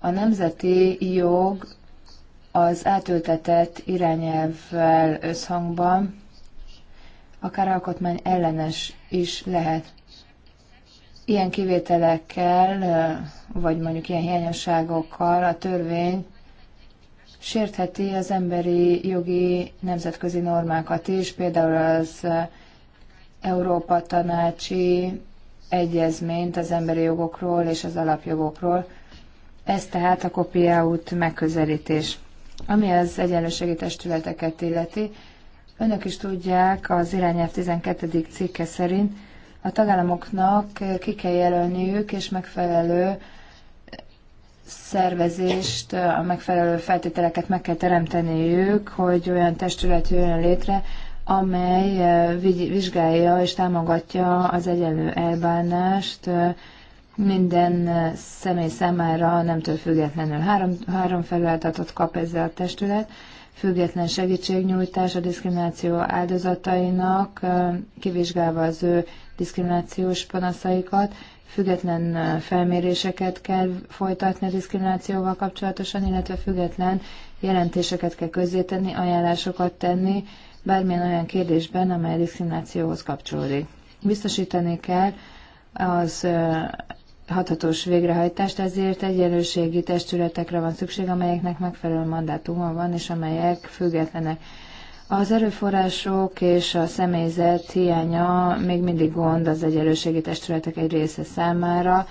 A nemzeti jog az átültetett irányelvvel összhangban akár alkotmány ellenes is lehet. Ilyen kivételekkel, vagy mondjuk ilyen hiányosságokkal a törvény sértheti az emberi jogi nemzetközi normákat is, például az Európa Tanácsi Egyezményt az emberi jogokról és az alapjogokról. Ez tehát a kopiáút megközelítés. Ami az egyenlőségi testületeket illeti, önök is tudják, az irányelv 12. cikke szerint a tagállamoknak ki kell jelölniük és megfelelő szervezést, a megfelelő feltételeket meg kell teremteniük, hogy olyan testület jöjjön létre, amely vizsgálja és támogatja az egyenlő elbánást minden személy számára nemtől függetlenül. Három, három feladatot kap ezzel a testület, független segítségnyújtás a diszkrimináció áldozatainak, kivizsgálva az ő diszkriminációs panaszaikat, független felméréseket kell folytatni a diszkriminációval kapcsolatosan, illetve független jelentéseket kell közzétenni, ajánlásokat tenni bármilyen olyan kérdésben, amely a diszkriminációhoz kapcsolódik. Biztosítani kell az hathatós végrehajtást, ezért egyenlőségi testületekre van szükség, amelyeknek megfelelő mandátuma van, és amelyek függetlenek. Az erőforrások és a személyzet hiánya még mindig gond az egyenlőségi testületek egy része számára,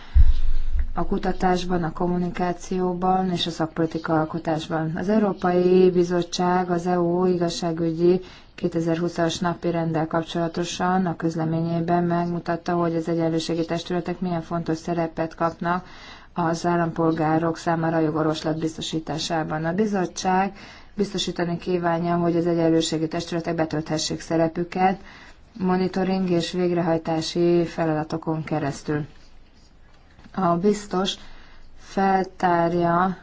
a kutatásban, a kommunikációban és a szakpolitika alkotásban. Az Európai Bizottság az EU igazságügyi 2020-as napi rendel kapcsolatosan a közleményében megmutatta, hogy az egyenlőségi testületek milyen fontos szerepet kapnak az állampolgárok számára jogorvoslat biztosításában. A bizottság biztosítani kívánja, hogy az egyenlőségi testületek betölthessék szerepüket monitoring és végrehajtási feladatokon keresztül. A biztos feltárja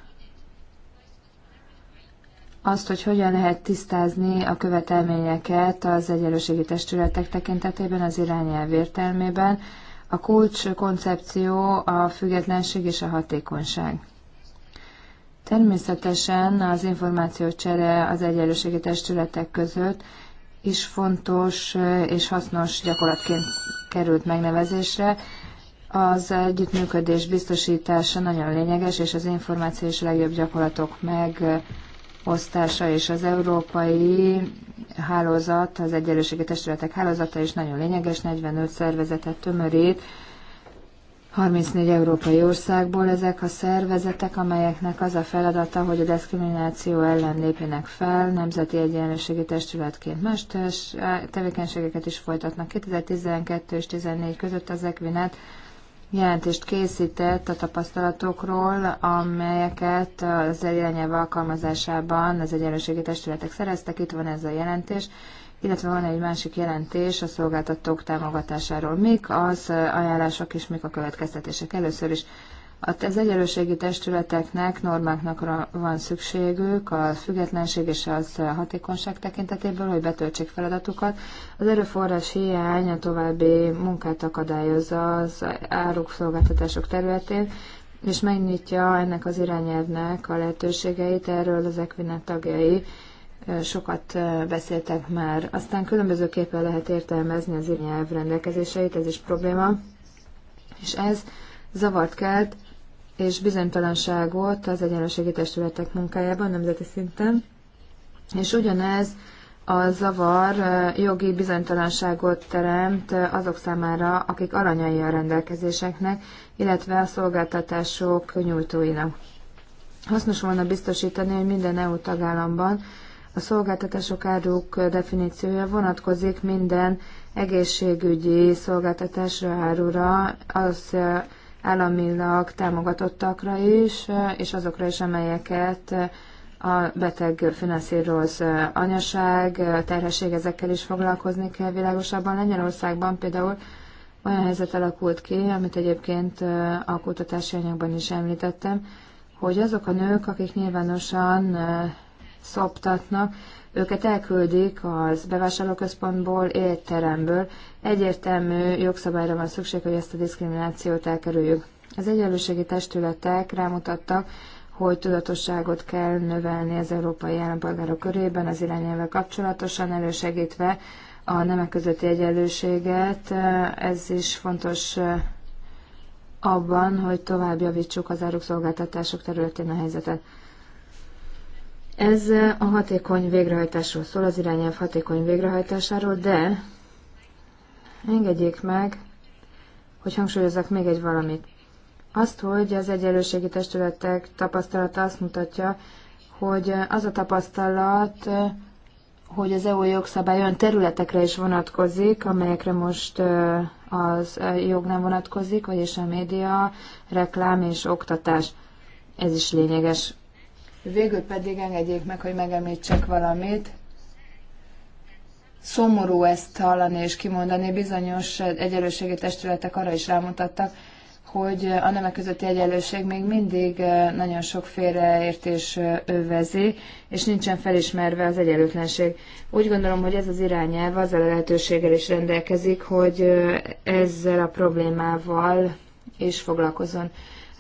azt, hogy hogyan lehet tisztázni a követelményeket az egyenlőségi testületek tekintetében, az irányelv értelmében. A kulcs koncepció a függetlenség és a hatékonyság. Természetesen az információcsere az egyenlőségi testületek között is fontos eh, és hasznos gyakorlatként került megnevezésre. Az együttműködés biztosítása nagyon lényeges, és az információ és legjobb gyakorlatok megosztása és az európai hálózat, az egyenlőségi testületek hálózata is nagyon lényeges, 45 szervezetet tömörít, 34 európai országból ezek a szervezetek, amelyeknek az a feladata, hogy a diszkrimináció ellen lépjenek fel, nemzeti egyenlőségi testületként más tevékenységeket is folytatnak. 2012 és 2014 között az Equinet jelentést készített a tapasztalatokról, amelyeket az irányelv alkalmazásában az egyenlőségi testületek szereztek. Itt van ez a jelentés, illetve van egy másik jelentés a szolgáltatók támogatásáról. Mik az ajánlások és mik a következtetések? Először is az egyenlőségi testületeknek, normáknak van szükségük a függetlenség és az hatékonyság tekintetéből, hogy betöltsék feladatukat. Az erőforrás hiány a további munkát akadályozza az áruk szolgáltatások területén, és megnyitja ennek az irányelvnek a lehetőségeit, erről az Equinet tagjai sokat beszéltek már. Aztán különbözőképpen lehet értelmezni az irányelv rendelkezéseit, ez is probléma. És ez zavart kelt, és bizonytalanságot az egyenlőségi testületek munkájában nemzeti szinten. És ugyanez a zavar jogi bizonytalanságot teremt azok számára, akik aranyai a rendelkezéseknek, illetve a szolgáltatások nyújtóinak. Hasznos volna biztosítani, hogy minden EU tagállamban a szolgáltatások áruk definíciója vonatkozik minden egészségügyi szolgáltatásra, árura, az eh, államilag támogatottakra is, eh, és azokra is, amelyeket eh, a beteg finanszíroz anyaság, terhesség, ezekkel is foglalkozni kell világosabban. Lengyelországban például olyan helyzet alakult ki, amit egyébként a kutatási anyagban is említettem, hogy azok a nők, akik nyilvánosan szoptatnak. őket elküldik az bevásárlóközpontból, étteremből. Egyértelmű jogszabályra van szükség, hogy ezt a diszkriminációt elkerüljük. Az egyenlőségi testületek rámutattak, hogy tudatosságot kell növelni az európai állampolgárok körében az irányelvvel kapcsolatosan, elősegítve a nemek közötti egyenlőséget. Ez is fontos eh, abban, hogy tovább javítsuk az szolgáltatások területén a helyzetet. Ez a hatékony végrehajtásról szól, az irányelv hatékony végrehajtásáról, de engedjék meg, hogy hangsúlyozzak még egy valamit. Azt, hogy az egyenlőségi testületek tapasztalata azt mutatja, hogy az a tapasztalat, hogy az EU jogszabály olyan területekre is vonatkozik, amelyekre most az e jog nem vonatkozik, vagyis a média, reklám és oktatás. Ez is lényeges Végül pedig engedjék meg, hogy megemlítsek valamit. Szomorú ezt hallani és kimondani, bizonyos egyenlőségi testületek arra is rámutattak, hogy a nemek közötti egyenlőség még mindig eh, nagyon sok félreértés eh, övezi, és nincsen felismerve az egyenlőtlenség. Úgy gondolom, hogy ez az irányelv azzal a lehetőséggel is rendelkezik, hogy eh, ezzel a problémával is foglalkozon.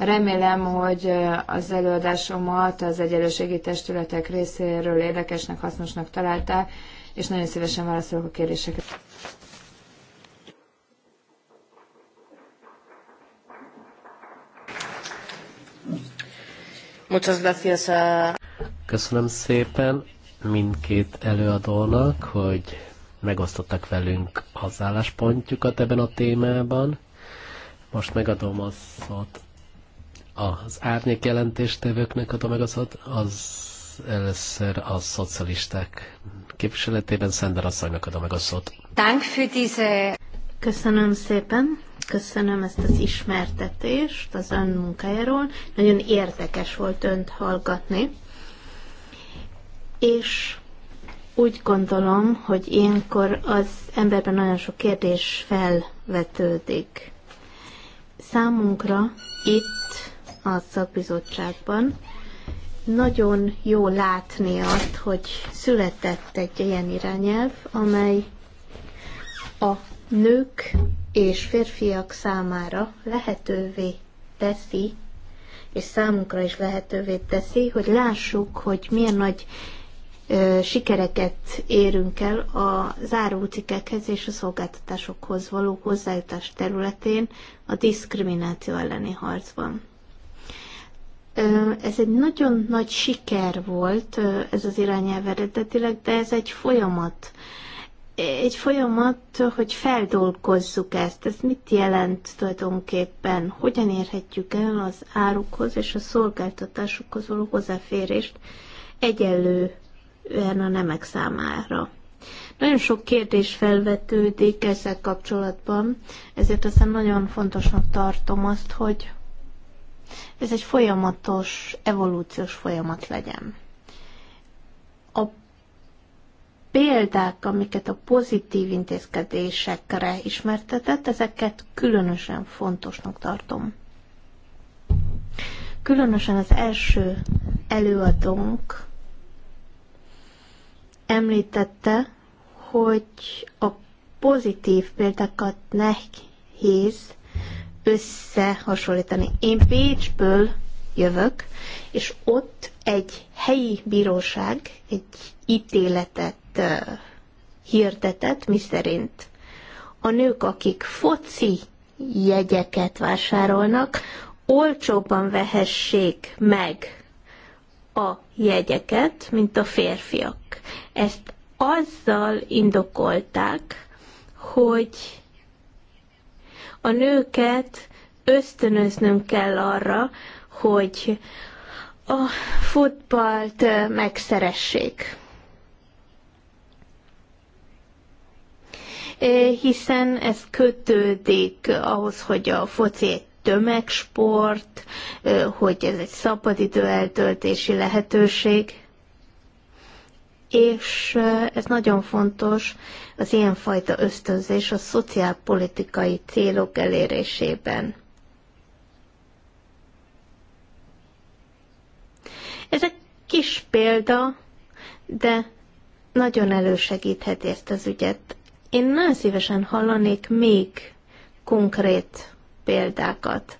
Remélem, hogy az előadásomat az egyenlőségi testületek részéről érdekesnek, hasznosnak találták, és nagyon szívesen válaszolok a kérdéseket. Köszönöm szépen mindkét előadónak, hogy megosztottak velünk az álláspontjukat ebben a témában. Most megadom a szót az árnyék jelentéstevőknek adom meg az, az először a szocialisták képviseletében Szender asszonynak adom meg a szót. Köszönöm szépen, köszönöm ezt az ismertetést az ön munkájáról. Nagyon érdekes volt önt hallgatni, és úgy gondolom, hogy ilyenkor az emberben nagyon sok kérdés felvetődik. Számunkra itt a szakbizottságban. Nagyon jó látni azt, hogy született egy ilyen irányelv, amely a nők és férfiak számára lehetővé teszi, és számunkra is lehetővé teszi, hogy lássuk, hogy milyen nagy ö, sikereket érünk el a zárócikekhez és a szolgáltatásokhoz való hozzájutás területén a diszkrimináció elleni harcban. Ez egy nagyon nagy siker volt, ez az irányelv eredetileg, de ez egy folyamat. Egy folyamat, hogy feldolgozzuk ezt. Ez mit jelent tulajdonképpen? Hogyan érhetjük el az árukhoz és a szolgáltatásokhoz való hozzáférést egyenlően a nemek számára? Nagyon sok kérdés felvetődik ezzel kapcsolatban, ezért aztán nagyon fontosnak tartom azt, hogy ez egy folyamatos, evolúciós folyamat legyen. A példák, amiket a pozitív intézkedésekre ismertetett, ezeket különösen fontosnak tartom. Különösen az első előadónk említette, hogy a pozitív példákat nehéz összehasonlítani. Én Pécsből jövök, és ott egy helyi bíróság egy ítéletet hirdetett, miszerint a nők, akik foci jegyeket vásárolnak, olcsóban vehessék meg a jegyeket, mint a férfiak. Ezt azzal indokolták, hogy a nőket ösztönöznöm kell arra, hogy a futballt megszeressék. Hiszen ez kötődik ahhoz, hogy a foci egy tömegsport, hogy ez egy szabadidő eltöltési lehetőség és ez nagyon fontos, az ilyenfajta ösztönzés a szociálpolitikai célok elérésében. Ez egy kis példa, de nagyon elősegítheti ezt az ügyet. Én nagyon szívesen hallanék még konkrét példákat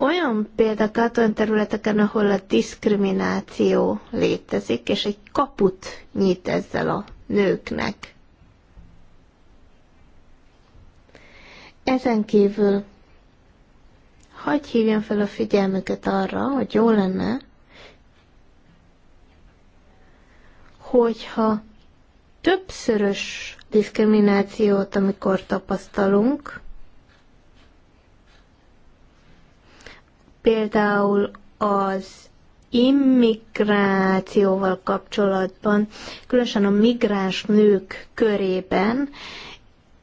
olyan példákat, olyan területeken, ahol a diszkrimináció létezik, és egy kaput nyit ezzel a nőknek. Ezen kívül hagyj hívjam fel a figyelmüket arra, hogy jó lenne, hogyha többszörös diszkriminációt, amikor tapasztalunk, például az immigrációval kapcsolatban, különösen a migráns nők körében,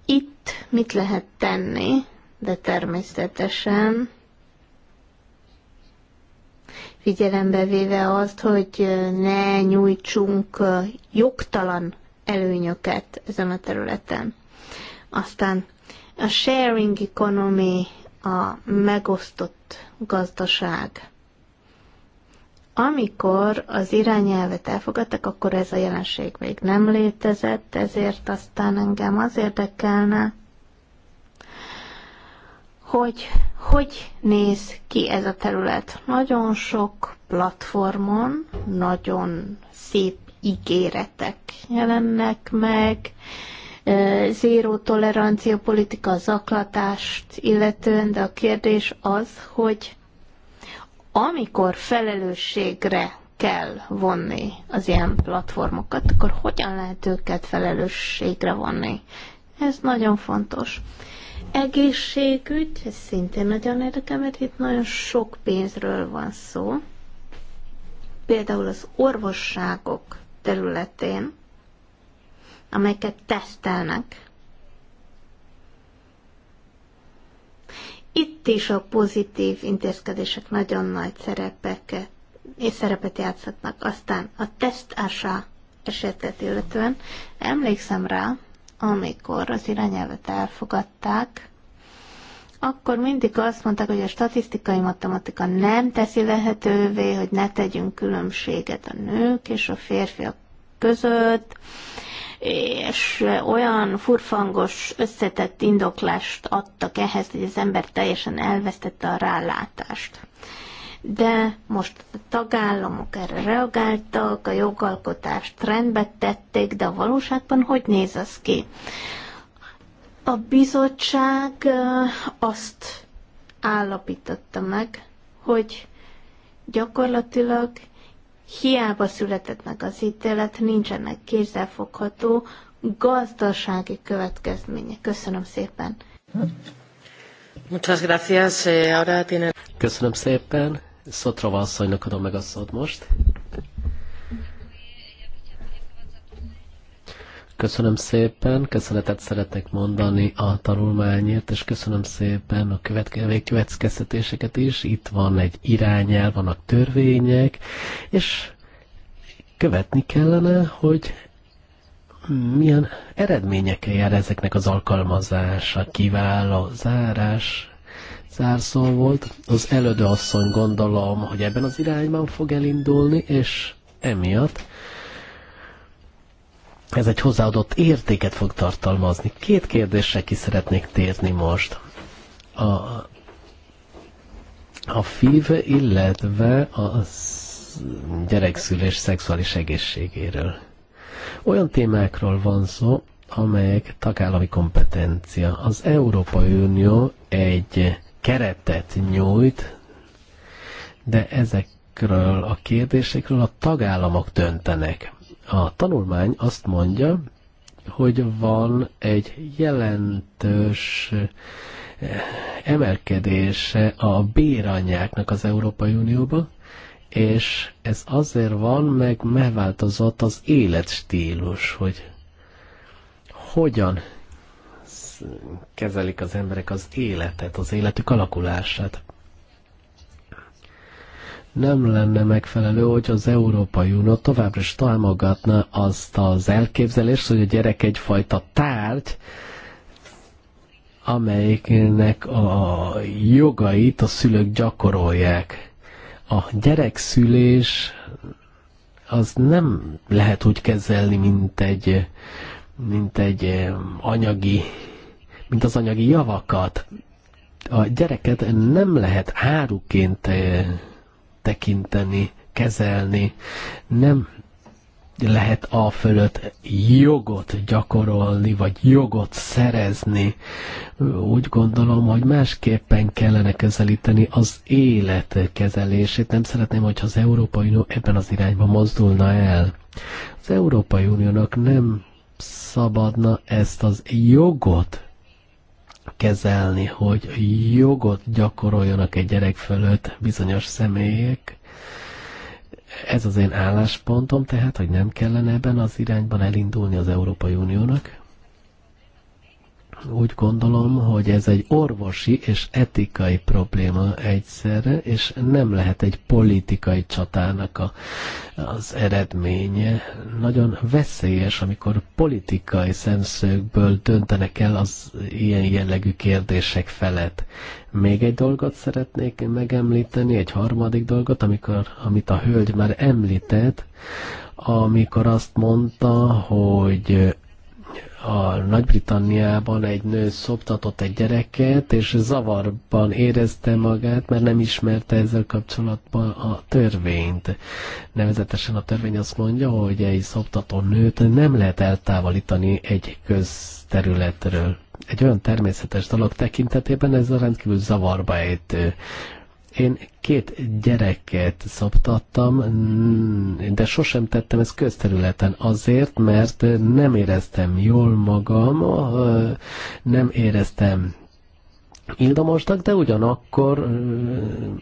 itt mit lehet tenni, de természetesen figyelembe véve azt, hogy ne nyújtsunk jogtalan előnyöket ezen a területen. Aztán a sharing economy, a megosztott gazdaság. Amikor az irányelvet elfogadtak, akkor ez a jelenség még nem létezett, ezért aztán engem az érdekelne, hogy hogy néz ki ez a terület. Nagyon sok platformon, nagyon szép ígéretek jelennek meg, zéró tolerancia politika, a zaklatást illetően, de a kérdés az, hogy amikor felelősségre kell vonni az ilyen platformokat, akkor hogyan lehet őket felelősségre vonni? Ez nagyon fontos. Egészségügy, ez szintén nagyon érdekel, mert itt nagyon sok pénzről van szó. Például az orvosságok területén amelyeket tesztelnek. Itt is a pozitív intézkedések nagyon nagy szerepeket és szerepet játszhatnak. Aztán a tesztása esetet illetően emlékszem rá, amikor az irányelvet elfogadták, akkor mindig azt mondták, hogy a statisztikai matematika nem teszi lehetővé, hogy ne tegyünk különbséget a nők és a férfiak között, és olyan furfangos, összetett indoklást adtak ehhez, hogy az ember teljesen elvesztette a rálátást. De most a tagállamok erre reagáltak, a jogalkotást rendbe tették, de a valóságban hogy néz az ki? A bizottság azt állapította meg, hogy gyakorlatilag hiába született meg az ítélet, nincsenek kézzelfogható gazdasági következmények. Köszönöm szépen. Muchas gracias. Eh, ahora tiene... Köszönöm szépen. Szotrova asszonynak adom meg a szót most. Köszönöm szépen, köszönetet szeretek mondani a tanulmányért, és köszönöm szépen a következtetéseket is. Itt van egy irányel, vannak törvények, és követni kellene, hogy milyen eredményekkel jár ezeknek az alkalmazása, kiváló zárás, zárszó volt. Az elődő asszony gondolom, hogy ebben az irányban fog elindulni, és emiatt ez egy hozzáadott értéket fog tartalmazni. Két kérdésre ki szeretnék térni most. A, a FIV, illetve a gyerekszülés szexuális egészségéről. Olyan témákról van szó, amelyek tagállami kompetencia. Az Európai Unió egy keretet nyújt, de ezekről a kérdésekről a tagállamok döntenek. A tanulmány azt mondja, hogy van egy jelentős eh, emelkedése a béranyáknak az Európai Unióban, és ez azért van, meg megváltozott az életstílus, hogy hogyan kezelik az emberek az életet, az életük alakulását nem lenne megfelelő, hogy az Európai Unió továbbra is támogatna azt az elképzelést, hogy a gyerek egyfajta tárgy, amelyiknek a jogait a szülők gyakorolják. A gyerekszülés az nem lehet úgy kezelni, mint egy, mint egy eh, anyagi, mint az anyagi javakat. A gyereket nem lehet áruként eh, tekinteni, kezelni. Nem lehet a fölött jogot gyakorolni, vagy jogot szerezni. Úgy gondolom, hogy másképpen kellene közelíteni az élet kezelését. Nem szeretném, hogyha az Európai Unió ebben az irányba mozdulna el. Az Európai Uniónak nem szabadna ezt az jogot kezelni, hogy jogot gyakoroljanak egy gyerek fölött bizonyos személyek. Ez az én álláspontom, tehát, hogy nem kellene ebben az irányban elindulni az Európai Uniónak úgy gondolom, hogy ez egy orvosi és etikai probléma egyszerre, és nem lehet egy politikai csatának a, az eredménye. Nagyon veszélyes, amikor politikai szemszögből döntenek el az ilyen jellegű kérdések felett. Még egy dolgot szeretnék megemlíteni, egy harmadik dolgot, amikor, amit a hölgy már említett, amikor azt mondta, hogy a Nagy-Britanniában egy nő szoptatott egy gyereket, és zavarban érezte magát, mert nem ismerte ezzel kapcsolatban a törvényt. Nevezetesen a törvény azt mondja, hogy egy szoptató nőt nem lehet eltávolítani egy közterületről. Egy olyan természetes dolog tekintetében ez a rendkívül zavarba ejtő. Én két gyereket szoptattam, de sosem tettem ezt közterületen azért, mert nem éreztem jól magam, nem éreztem ildomosnak, de ugyanakkor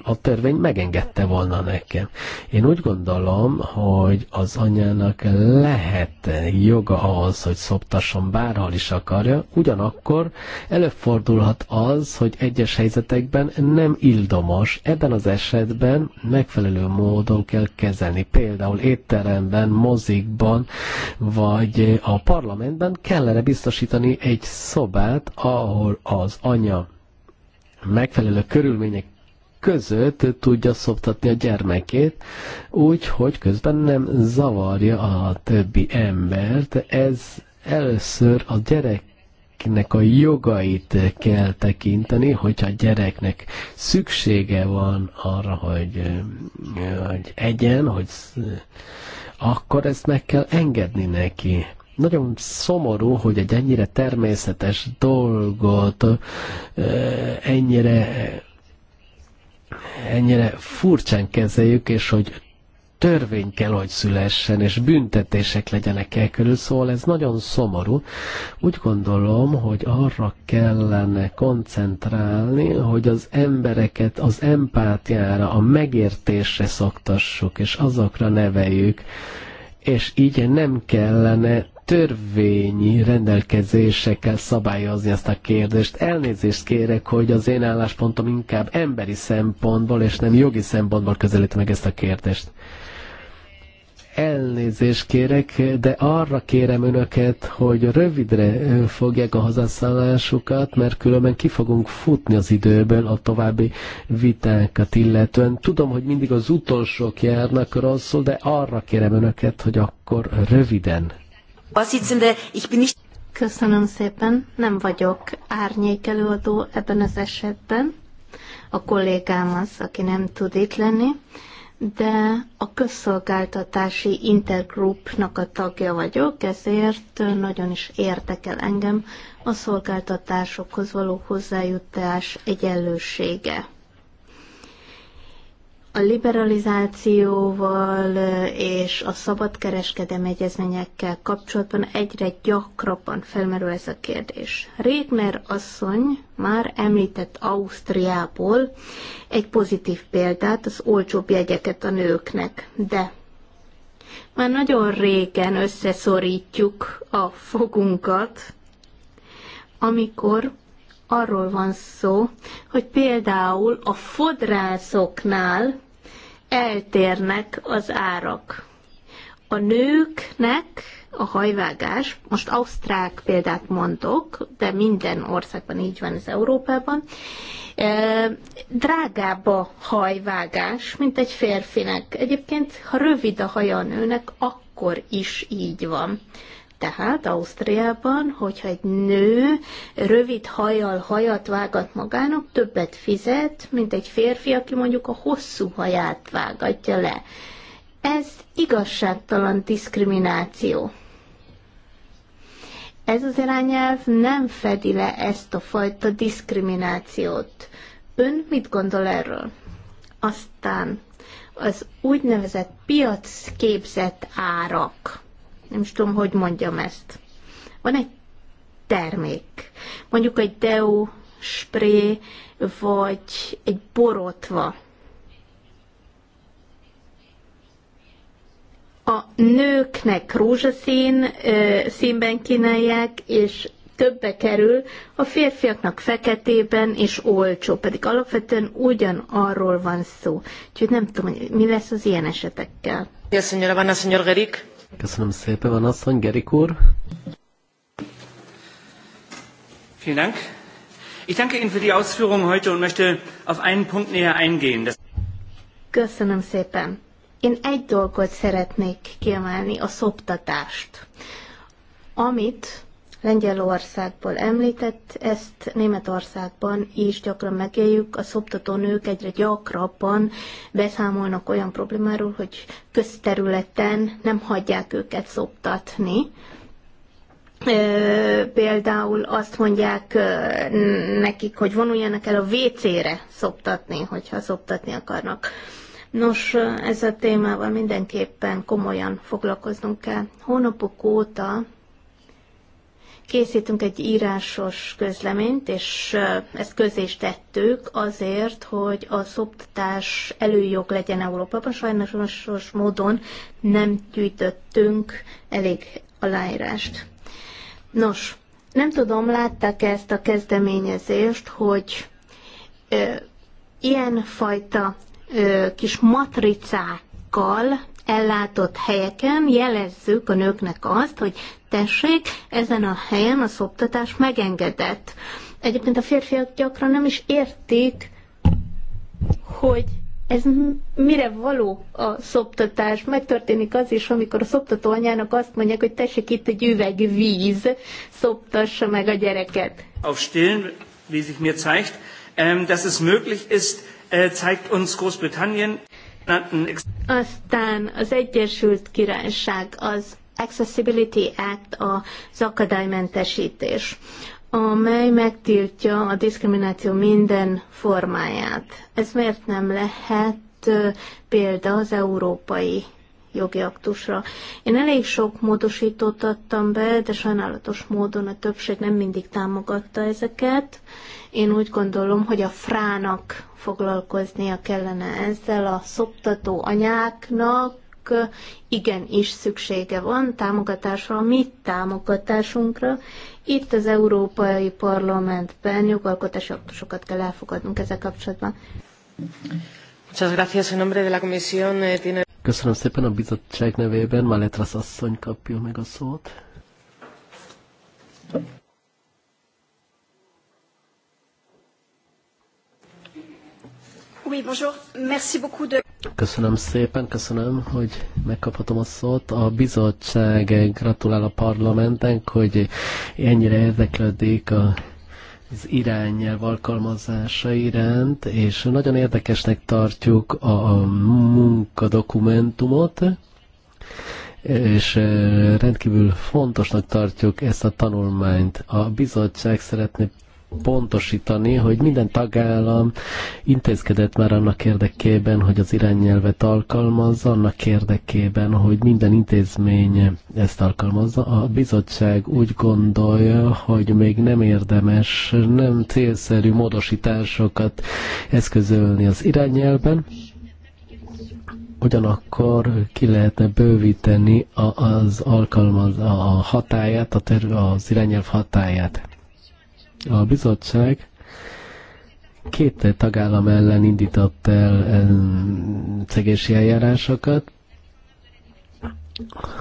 a törvény megengedte volna nekem. Én úgy gondolom, hogy az anyának lehet joga ahhoz, hogy szoptasson bárhol is akarja, ugyanakkor előfordulhat az, hogy egyes helyzetekben nem ildomos. Ebben az esetben megfelelő módon kell kezelni. Például étteremben, mozikban, vagy a parlamentben kellene biztosítani egy szobát, ahol az anya megfelelő körülmények között tudja szoptatni a gyermekét, úgy, hogy közben nem zavarja a többi embert. Ez először a gyerek gyereknek a jogait kell tekinteni, hogyha a gyereknek szüksége van arra, hogy, hogy egyen, hogy akkor ezt meg kell engedni neki. Nagyon szomorú, hogy egy ennyire természetes dolgot, ennyire ennyire furcsán kezeljük, és hogy törvény kell, hogy szülessen, és büntetések legyenek el körül, szóval ez nagyon szomorú. Úgy gondolom, hogy arra kellene koncentrálni, hogy az embereket az empátiára, a megértésre szoktassuk, és azokra neveljük, és így nem kellene törvényi rendelkezésekkel szabályozni ezt a kérdést. Elnézést kérek, hogy az én álláspontom inkább emberi szempontból és nem jogi szempontból közelít meg ezt a kérdést. Elnézést kérek, de arra kérem önöket, hogy rövidre fogják a hozzászállásukat, mert különben ki fogunk futni az időből a további vitákat illetően. Tudom, hogy mindig az utolsók járnak rosszul, de arra kérem önöket, hogy akkor röviden Köszönöm szépen, nem vagyok árnyékelőadó ebben az esetben. A kollégám az, aki nem tud itt lenni, de a közszolgáltatási intergroupnak a tagja vagyok, ezért nagyon is érdekel engem a szolgáltatásokhoz való hozzájutás egyenlősége a liberalizációval eh, és a szabadkereskedelmi egyezményekkel kapcsolatban egyre gyakrabban felmerül ez a kérdés. Régner asszony már említett Ausztriából egy pozitív példát, az olcsóbb jegyeket a nőknek, de már nagyon régen összeszorítjuk a fogunkat, amikor arról van szó, hogy például a fodrászoknál eltérnek az árak. A nőknek a hajvágás, most ausztrák példát mondok, de minden országban így van az Európában, drágább a hajvágás, mint egy férfinek. Egyébként, ha rövid a haja a nőnek, akkor is így van. Tehát Ausztriában, hogyha egy nő rövid hajjal hajat vágat magának, többet fizet, mint egy férfi, aki mondjuk a hosszú haját vágatja le. Ez igazságtalan diszkrimináció. Ez az irányelv nem fedi le ezt a fajta diszkriminációt. Ön mit gondol erről? Aztán az úgynevezett piacképzett árak nem is tudom, hogy mondjam ezt. Van egy termék, mondjuk egy deo spré, vagy egy borotva. A nőknek rózsaszín színben kínálják, és többe kerül, a férfiaknak feketében és olcsó, pedig alapvetően ugyanarról van szó. Úgyhogy nem tudom, mi lesz az ilyen esetekkel. Ja, señora a señor Gerik. Köszönöm szépen, van asszony, Gerik úr. Vielen Dank. Ich danke Ihnen für die Ausführungen heute und möchte auf einen Punkt näher eingehen. Köszönöm szépen. Én egy dolgot szeretnék kiemelni, a szoptatást, amit Lengyelországból említett, ezt Németországban is gyakran megéljük. A szoptató nők egyre gyakrabban beszámolnak olyan problémáról, hogy közterületen nem hagyják őket szoptatni. Például azt mondják nekik, hogy vonuljanak el a WC-re szoptatni, hogyha szoptatni akarnak. Nos, ez a témával mindenképpen komolyan foglalkoznunk kell. Hónapok óta készítünk egy írásos közleményt, és ezt közé is tettük azért, hogy a szoptatás előjog legyen Európában. Sajnos módon nem gyűjtöttünk elég aláírást. Nos, nem tudom, látták -e ezt a kezdeményezést, hogy ö, ilyenfajta ö, kis matricákkal ellátott helyeken jelezzük a nőknek azt, hogy tessék, ezen a helyen a szoptatás megengedett. Egyébként a férfiak gyakran nem is értik, hogy ez mire való a szoptatás. Megtörténik az is, amikor a szoptató anyának azt mondják, hogy tessék itt egy üveg víz, szoptassa meg a gyereket. Auf stillen, wie sich mir zeigt, ähm, dass es möglich ist, äh, zeigt uns Großbritannien. Aztán az Egyesült Királyság, az Accessibility Act, az akadálymentesítés, amely megtiltja a diszkrimináció minden formáját. Ez miért nem lehet példa az európai jogi aktusra. Én elég sok módosítót adtam be, de sajnálatos módon a többség nem mindig támogatta ezeket. Én úgy gondolom, hogy a frának foglalkoznia kellene ezzel, a szoptató anyáknak, Igen, is szüksége van támogatásra, a mi támogatásunkra. Itt az Európai Parlamentben jogalkotási aktusokat kell elfogadnunk ezzel kapcsolatban. Muchas gracias. En nombre de la Comisión eh, tiene... Köszönöm szépen a bizottság nevében, Maletrasz asszony kapja meg a szót. Oui, bonjour. Merci beaucoup de... Köszönöm szépen, köszönöm, hogy megkaphatom a szót. A bizottság eh, gratulál a parlamentnek, hogy ennyire érdeklődik a az irányelv alkalmazása iránt, és nagyon érdekesnek tartjuk a munkadokumentumot, és e, rendkívül fontosnak tartjuk ezt a tanulmányt. A bizottság szeretne pontosítani, hogy minden tagállam intézkedett már annak érdekében, hogy az irányelvet alkalmazza, annak érdekében, hogy minden intézmény ezt alkalmazza. A bizottság úgy gondolja, hogy még nem érdemes, nem célszerű módosításokat eszközölni az irányelben, ugyanakkor ki lehetne bővíteni az alkalmaz, a hatáját, a az irányelv hatáját a bizottság két tagállam ellen indított el cegési eljárásokat,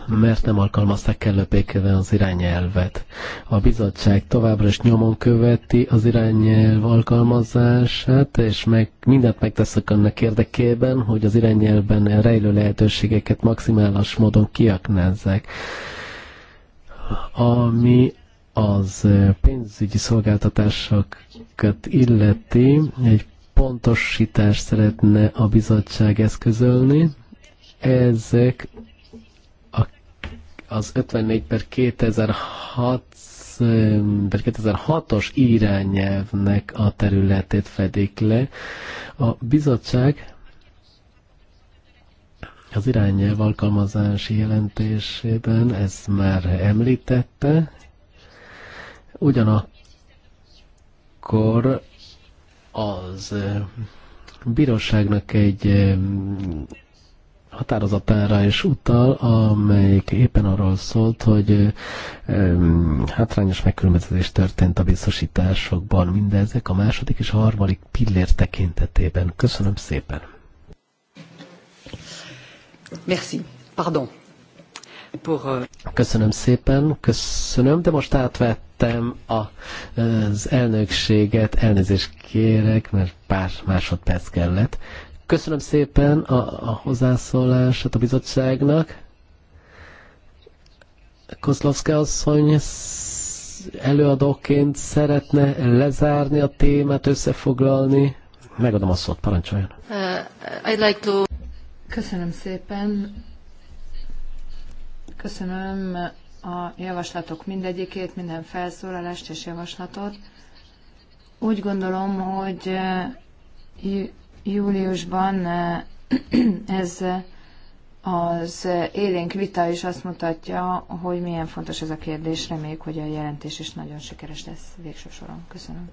mert nem alkalmazták kellő békében az irányelvet. A bizottság továbbra is nyomon követi az irányelv alkalmazását, és meg, mindent megteszek annak érdekében, hogy az irányelvben rejlő lehetőségeket maximális módon kiaknázzák. Ami az eh, pénzügyi szolgáltatásokat illeti, egy pontosítást szeretne a bizottság eszközölni. Ezek a, az 54 per 2006 2006-os eh, irányelvnek a területét fedik le. A bizottság az irányelv alkalmazási jelentésében ezt már említette, Ugyanakkor az eh, bíróságnak egy eh, határozatára is utal, amelyik éppen arról szólt, hogy eh, hátrányos megkülönböztetés történt a biztosításokban mindezek a második és a harmadik pillér tekintetében. Köszönöm szépen. Merci. Pardon. Pour... Euh, köszönöm szépen, köszönöm, de most átvett elvesztettem a, az elnökséget, elnézést kérek, mert pár másodperc kellett. Köszönöm szépen a, a hozzászólását a bizottságnak. Koszlovszka asszony előadóként szeretne lezárni a témát, összefoglalni. Megadom a szót, parancsoljon. Uh, I'd like to... Köszönöm szépen. Köszönöm a javaslatok mindegyikét, minden felszólalást és javaslatot. Úgy gondolom, hogy eh, júliusban eh, ez eh, az élénk vita is azt mutatja, hogy milyen fontos ez a kérdés. Reméljük, hogy a jelentés is nagyon sikeres lesz végső soron. Köszönöm.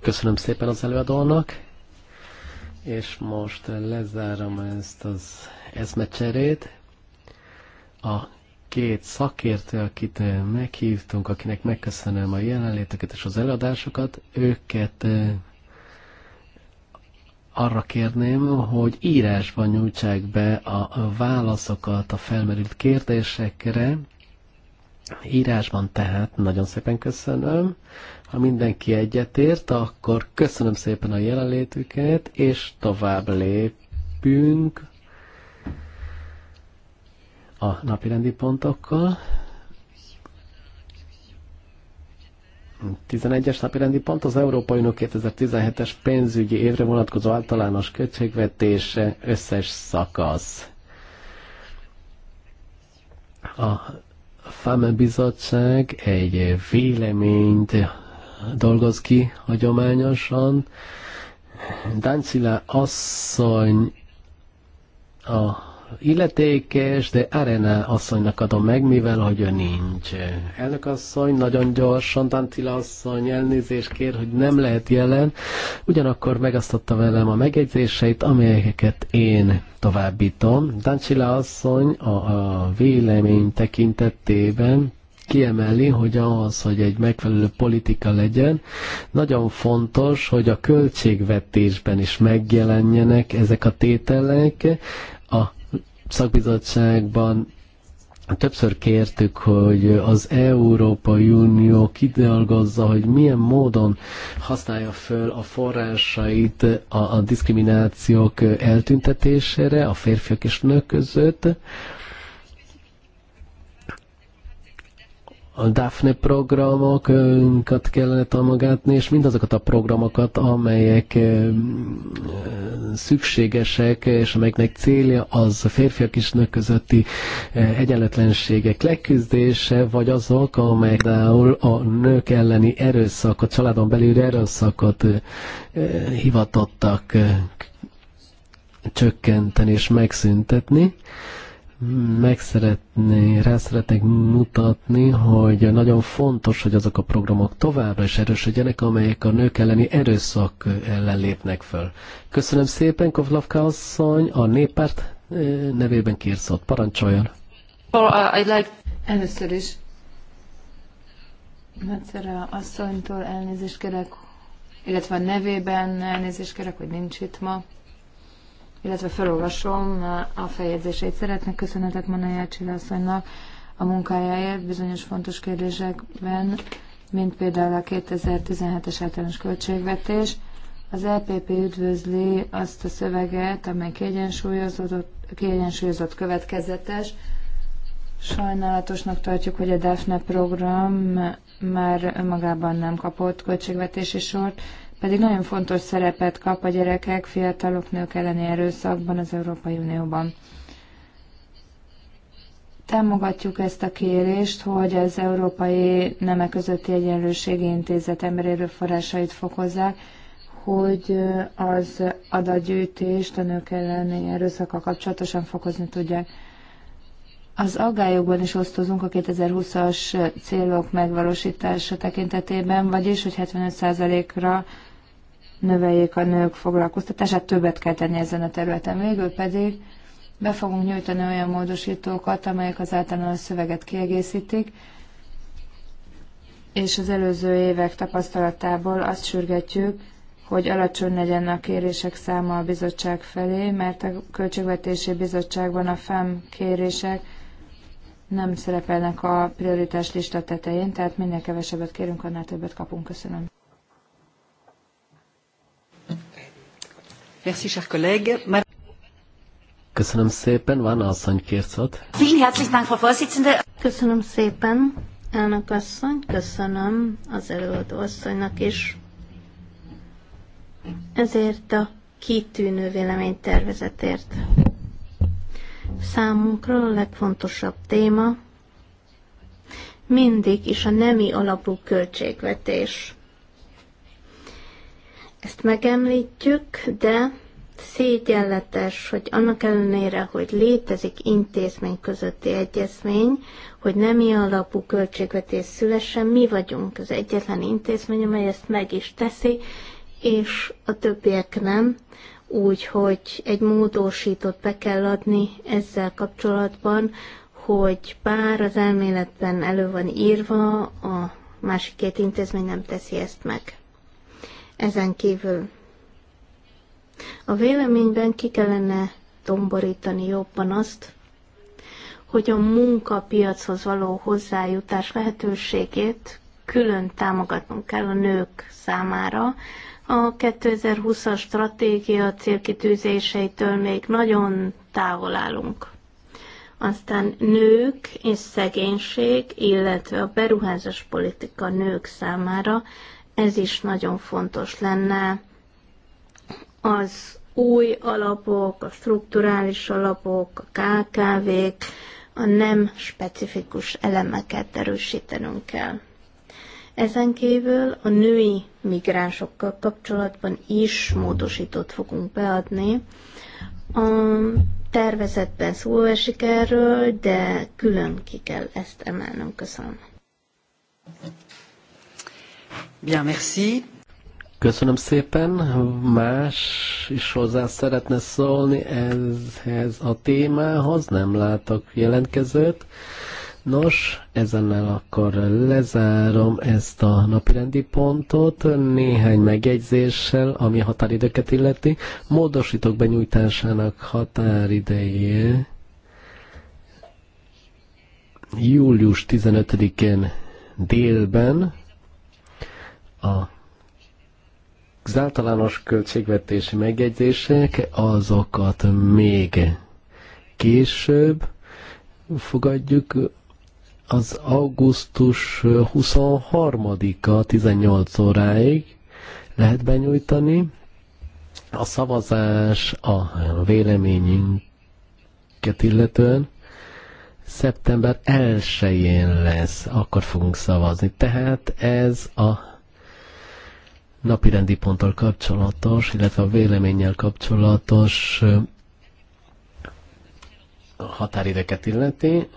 Köszönöm szépen az előadónak, és most lezárom ezt az eszmecserét. A két szakértő, akit eh, meghívtunk, akinek megköszönöm a jelenléteket és az eladásokat, őket eh, arra kérném, hogy írásban nyújtsák be a válaszokat a felmerült kérdésekre. Írásban tehát nagyon szépen köszönöm. Ha mindenki egyetért, akkor köszönöm szépen a jelenlétüket, és tovább lépünk a napirendi pontokkal. 11-es napirendi pont az Európai Unió 2017-es pénzügyi évre vonatkozó általános költségvetése összes szakasz. A FAME bizottság egy véleményt dolgoz ki hagyományosan. Dáncila asszony a illetékes, de Arena asszonynak adom meg, mivel hogy ő nincs. Elnök asszony, nagyon gyorsan, Tantila asszony elnézést kér, hogy nem lehet jelen, ugyanakkor megasztotta velem a megjegyzéseit, amelyeket én továbbítom. Tantila asszony a, a vélemény tekintetében kiemeli, hogy ahhoz, hogy egy megfelelő politika legyen, nagyon fontos, hogy a költségvetésben is megjelenjenek ezek a tételek, szakbizottságban többször kértük, hogy az Európai Unió kidolgozza, hogy milyen módon használja föl a forrásait a, a diszkriminációk eltüntetésére a férfiak és nők között, a DAFNE programokat kellene támogatni, és mindazokat a programokat, amelyek szükségesek, és amelyeknek célja az férfiak és nők közötti egyenletlenségek leküzdése, vagy azok, amelyek például a nők elleni erőszakot, családon belüli erőszakot hivatottak csökkenteni és megszüntetni meg szeretné, rá szeretnék mutatni, hogy nagyon fontos, hogy azok a programok továbbra is erősödjenek, amelyek a nők elleni erőszak ellen lépnek föl. Köszönöm szépen, Kovlavka asszony, a néppárt eh, nevében szót. Parancsoljon! Uh, Először is Nagyszerű asszonytól elnézést kérek, illetve a nevében elnézést kérek, hogy nincs itt ma illetve felolvasom eh, a feljegyzéseit. Szeretnék köszönetet mondani Jácsila asszonynak a munkájáért bizonyos fontos kérdésekben, mint például a 2017-es általános költségvetés. Az LPP e üdvözli azt a szöveget, amely kiegyensúlyozott, kiegyensúlyozott következetes. Sajnálatosnak tartjuk, hogy a DAFNE program már önmagában nem kapott költségvetési sort, pedig nagyon fontos szerepet kap a gyerekek, fiatalok, nők elleni erőszakban az Európai Unióban. Támogatjuk ezt a kérést, hogy az Európai Nemek Közötti Egyenlőségi Intézet emberi erőforrásait fokozzák, hogy az adatgyűjtést a nők elleni erőszakkal kapcsolatosan fokozni tudják. Az aggályokban is osztozunk a 2020-as célok megvalósítása tekintetében, vagyis, hogy 75%-ra növeljék a nők foglalkoztatását, többet kell tenni ezen a területen. Végül pedig be fogunk nyújtani olyan módosítókat, amelyek az általános szöveget kiegészítik, és az előző évek tapasztalatából azt sürgetjük, hogy alacsony legyen a kérések száma a bizottság felé, mert a Költségvetési Bizottságban a FEM kérések nem szerepelnek a prioritás lista tetején, tehát minél kevesebbet kérünk, annál többet kapunk. Köszönöm. Merci, cher collègue. Köszönöm szépen, Van asszony kérszot. Köszönöm szépen, elnök asszony, köszönöm az előadó asszonynak is. Ezért a kitűnő véleménytervezetért. Számunkra a legfontosabb téma mindig is a nemi alapú költségvetés. Ezt megemlítjük, de szégyenletes, hogy annak ellenére, hogy létezik intézmény közötti egyezmény, hogy nem ilyen alapú költségvetés szülesen, mi vagyunk az egyetlen intézmény, amely ezt meg is teszi, és a többiek nem, úgyhogy egy módosítót be kell adni ezzel kapcsolatban, hogy bár az elméletben elő van írva, a másik két intézmény nem teszi ezt meg. Ezen kívül a véleményben ki kellene domborítani jobban azt, hogy a munkapiachoz való hozzájutás lehetőségét külön támogatnunk kell a nők számára. A 2020-as stratégia célkitűzéseitől még nagyon távol állunk. Aztán nők és szegénység, illetve a beruházás politika nők számára ez is nagyon fontos lenne. Az új alapok, a strukturális alapok, a KKV-k, a nem specifikus elemeket erősítenünk kell. Ezen kívül a női migránsokkal kapcsolatban is módosítót fogunk beadni. A tervezetben szó esik erről, de külön ki kell ezt emelnünk. Köszönöm. Bien, merci. Köszönöm szépen. Más is hozzá szeretne szólni ezhez a témához. Nem látok jelentkezőt. Nos, ezennel akkor lezárom ezt a napirendi pontot néhány megjegyzéssel, ami határidőket illeti. Módosítok benyújtásának határideje július 15-én délben a az általános költségvetési megjegyzések azokat még később fogadjuk az augusztus 23-a 18 óráig lehet benyújtani. A szavazás a véleményünket illetően szeptember 1-én lesz, akkor fogunk szavazni. Tehát ez a napirendi ponttal kapcsolatos, illetve a véleménnyel kapcsolatos határideket illeti,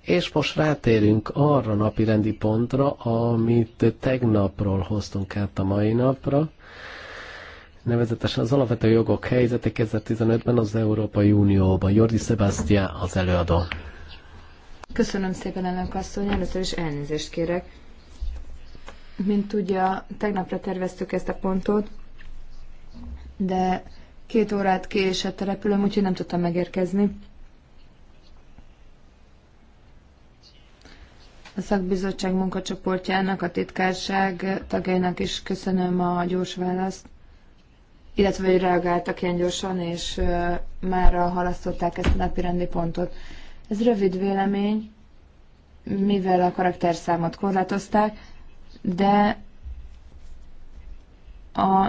és most rátérünk arra napirendi pontra, amit tegnapról hoztunk át a mai napra, nevezetesen az alapvető jogok helyzete 2015-ben az Európai Unióban. Jordi Sebastián az előadó. Köszönöm szépen, elnök asszony, először is elnézést kérek mint tudja, tegnapra terveztük ezt a pontot, de két órát késett a repülőm, úgyhogy nem tudtam megérkezni. A szakbizottság munkacsoportjának, a titkárság tagjainak is köszönöm a gyors választ, illetve hogy reagáltak ilyen gyorsan, és már halasztották ezt a napi rendi pontot. Ez rövid vélemény, mivel a karakterszámot korlátozták, de a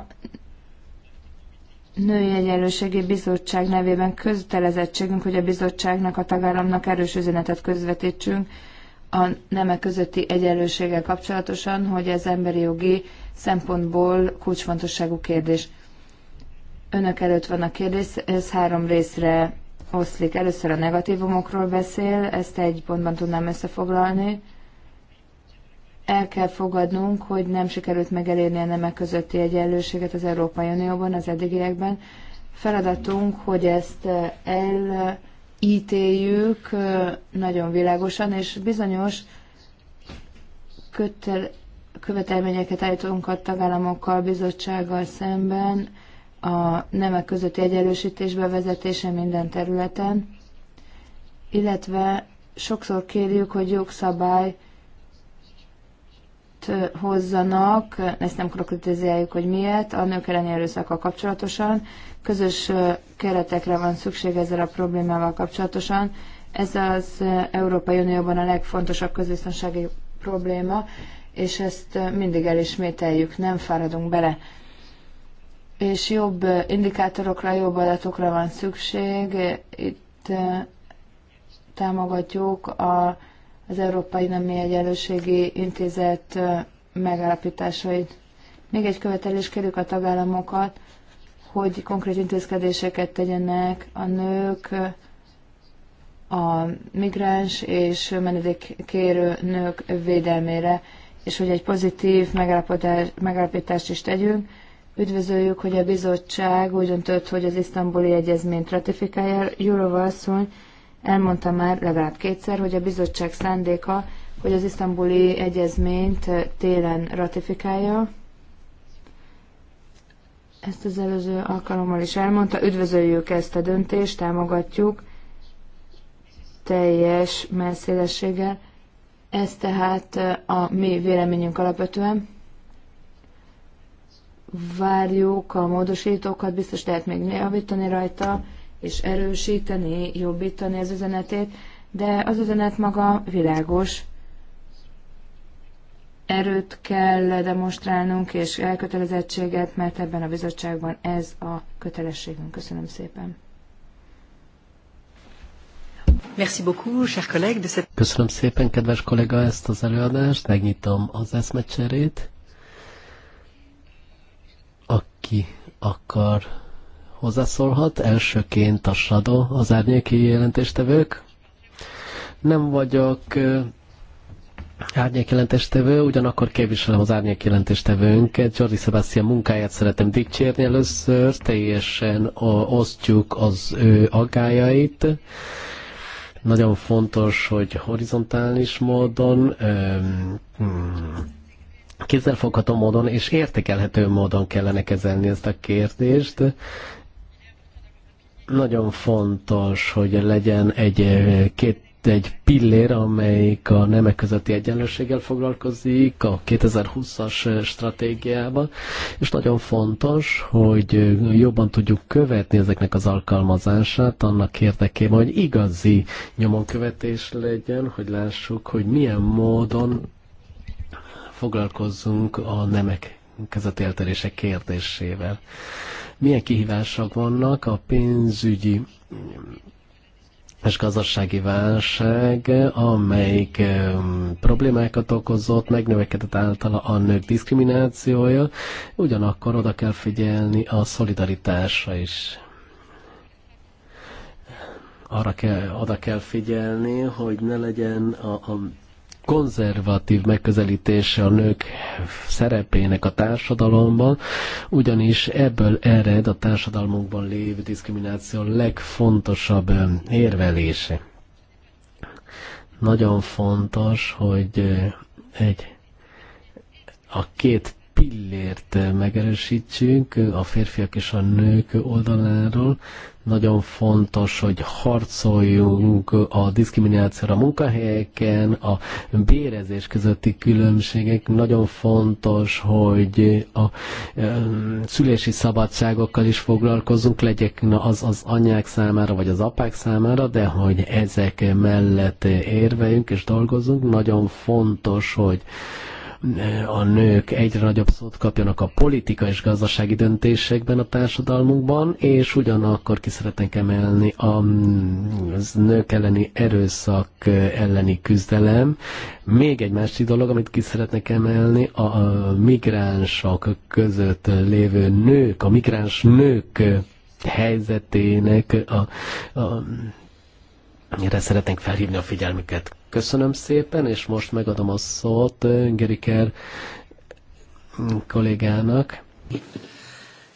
Női Egyenlőségi Bizottság nevében kötelezettségünk, hogy a bizottságnak, a tagállamnak erős üzenetet közvetítsünk a nemek közötti egyenlőséggel kapcsolatosan, hogy ez emberi jogi szempontból kulcsfontosságú kérdés. Önök előtt van a kérdés, ez három részre oszlik. Először a negatívumokról beszél, ezt egy pontban tudnám összefoglalni el kell fogadnunk, hogy nem sikerült megelérni a nemek közötti egyenlőséget az Európai Unióban, az eddigiekben. Feladatunk, hogy ezt eh, elítéljük eh, nagyon világosan, és bizonyos kötel, követelményeket állítunk a tagállamokkal, bizottsággal szemben a nemek közötti egyenlősítés bevezetése minden területen, illetve sokszor kérjük, hogy jogszabály jogot hozzanak, ezt nem kritizáljuk, hogy miért, a nők elleni erőszakkal kapcsolatosan. Közös keretekre van szükség ezzel a problémával kapcsolatosan. Ez az Európai Unióban a legfontosabb közbiztonsági probléma, és ezt mindig elismételjük, nem fáradunk bele. És jobb indikátorokra, jobb adatokra van szükség. Itt támogatjuk a az Európai Nemi Egyenlőségi Intézet megállapításait. Még egy követelés kérjük a tagállamokat, hogy konkrét intézkedéseket tegyenek a nők, a migráns és menedékkérő nők védelmére, és hogy egy pozitív megállapítást is tegyünk. Üdvözöljük, hogy a bizottság úgy döntött, hogy az isztambuli egyezményt ratifikálja. Jurova asszony Elmondta már legalább kétszer, hogy a bizottság szándéka, hogy az isztambuli egyezményt eh, télen ratifikálja. Ezt az előző alkalommal is elmondta. Üdvözöljük ezt a döntést, támogatjuk teljes messzélességgel. Ez tehát eh, a mi véleményünk alapvetően. Várjuk a módosítókat, biztos lehet még javítani rajta és erősíteni, jobbítani az üzenetét, de az üzenet maga világos. Erőt kell demonstrálnunk, és elkötelezettséget, mert ebben a bizottságban ez a kötelességünk. Köszönöm szépen. Merci beaucoup, cher collègue, de cette... Köszönöm szépen, kedves kollega, ezt az előadást. Megnyitom az eszmecserét. Aki akar hozzászólhat. Elsőként a Shadow, az árnyéki jelentéstevők. Nem vagyok jelentéstevő, ugyanakkor képviselem az árnyék jelentéstevőnket. Jordi Sebastian munkáját szeretem dicsérni először, teljesen osztjuk az ő agájait. Nagyon fontos, hogy horizontális módon kézzelfogható módon és értékelhető módon kellene kezelni ezt a kérdést, nagyon fontos, hogy legyen egy eh, két egy pillér, amelyik a nemek közötti egyenlőséggel foglalkozik a 2020-as eh, stratégiában, és nagyon fontos, hogy eh, jobban tudjuk követni ezeknek az alkalmazását annak érdekében, hogy igazi nyomonkövetés legyen, hogy lássuk, hogy milyen módon foglalkozzunk a nemek közötti eltérések kérdésével milyen kihívások vannak a pénzügyi és gazdasági válság, amelyik problémákat okozott, megnövekedett általa a nők diszkriminációja, ugyanakkor oda kell figyelni a szolidaritásra is arra kell, oda kell figyelni, hogy ne legyen a, a konzervatív megközelítése a nők szerepének a társadalomban, ugyanis ebből ered a társadalmunkban lévő diszkrimináció legfontosabb érvelése. Nagyon fontos, hogy egy a két pillért megerősítsünk a férfiak és a nők oldaláról, nagyon fontos, hogy harcoljunk a diszkriminációra a munkahelyeken, a bérezés közötti különbségek. Nagyon fontos, hogy a szülési szabadságokkal is foglalkozunk, legyek az az anyák számára, vagy az apák számára, de hogy ezek mellett érveljünk és dolgozunk. Nagyon fontos, hogy a nők egyre nagyobb szót kapjanak a politika és gazdasági döntésekben a társadalmunkban, és ugyanakkor ki szeretnénk emelni a nők elleni erőszak elleni küzdelem. Még egy másik dolog, amit ki szeretnék emelni, a migránsok között lévő nők, a migráns nők helyzetének a, a erre szeretnénk felhívni a figyelmüket. Köszönöm szépen, és most megadom a szót eh, Geriker mm, kollégának.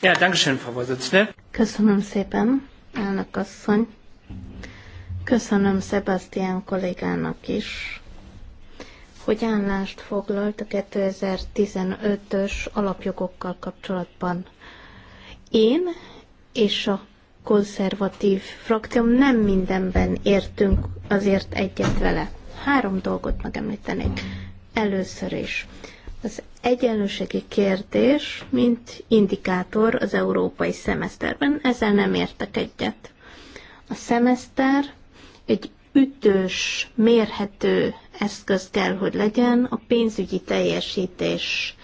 Ja, Dankeschön, Frau Vorsitzende. Köszönöm szépen, elnök asszony. Köszönöm Sebastian kollégának is, hogy állást foglalt a 2015-ös alapjogokkal kapcsolatban. Én és a konzervatív frakcióm nem mindenben értünk azért egyet vele. Három dolgot megemlítenék. Először is. Az egyenlőségi kérdés, mint indikátor az európai szemeszterben, ezzel nem értek egyet. A szemeszter egy ütős, mérhető eszköz kell, hogy legyen a pénzügyi teljesítés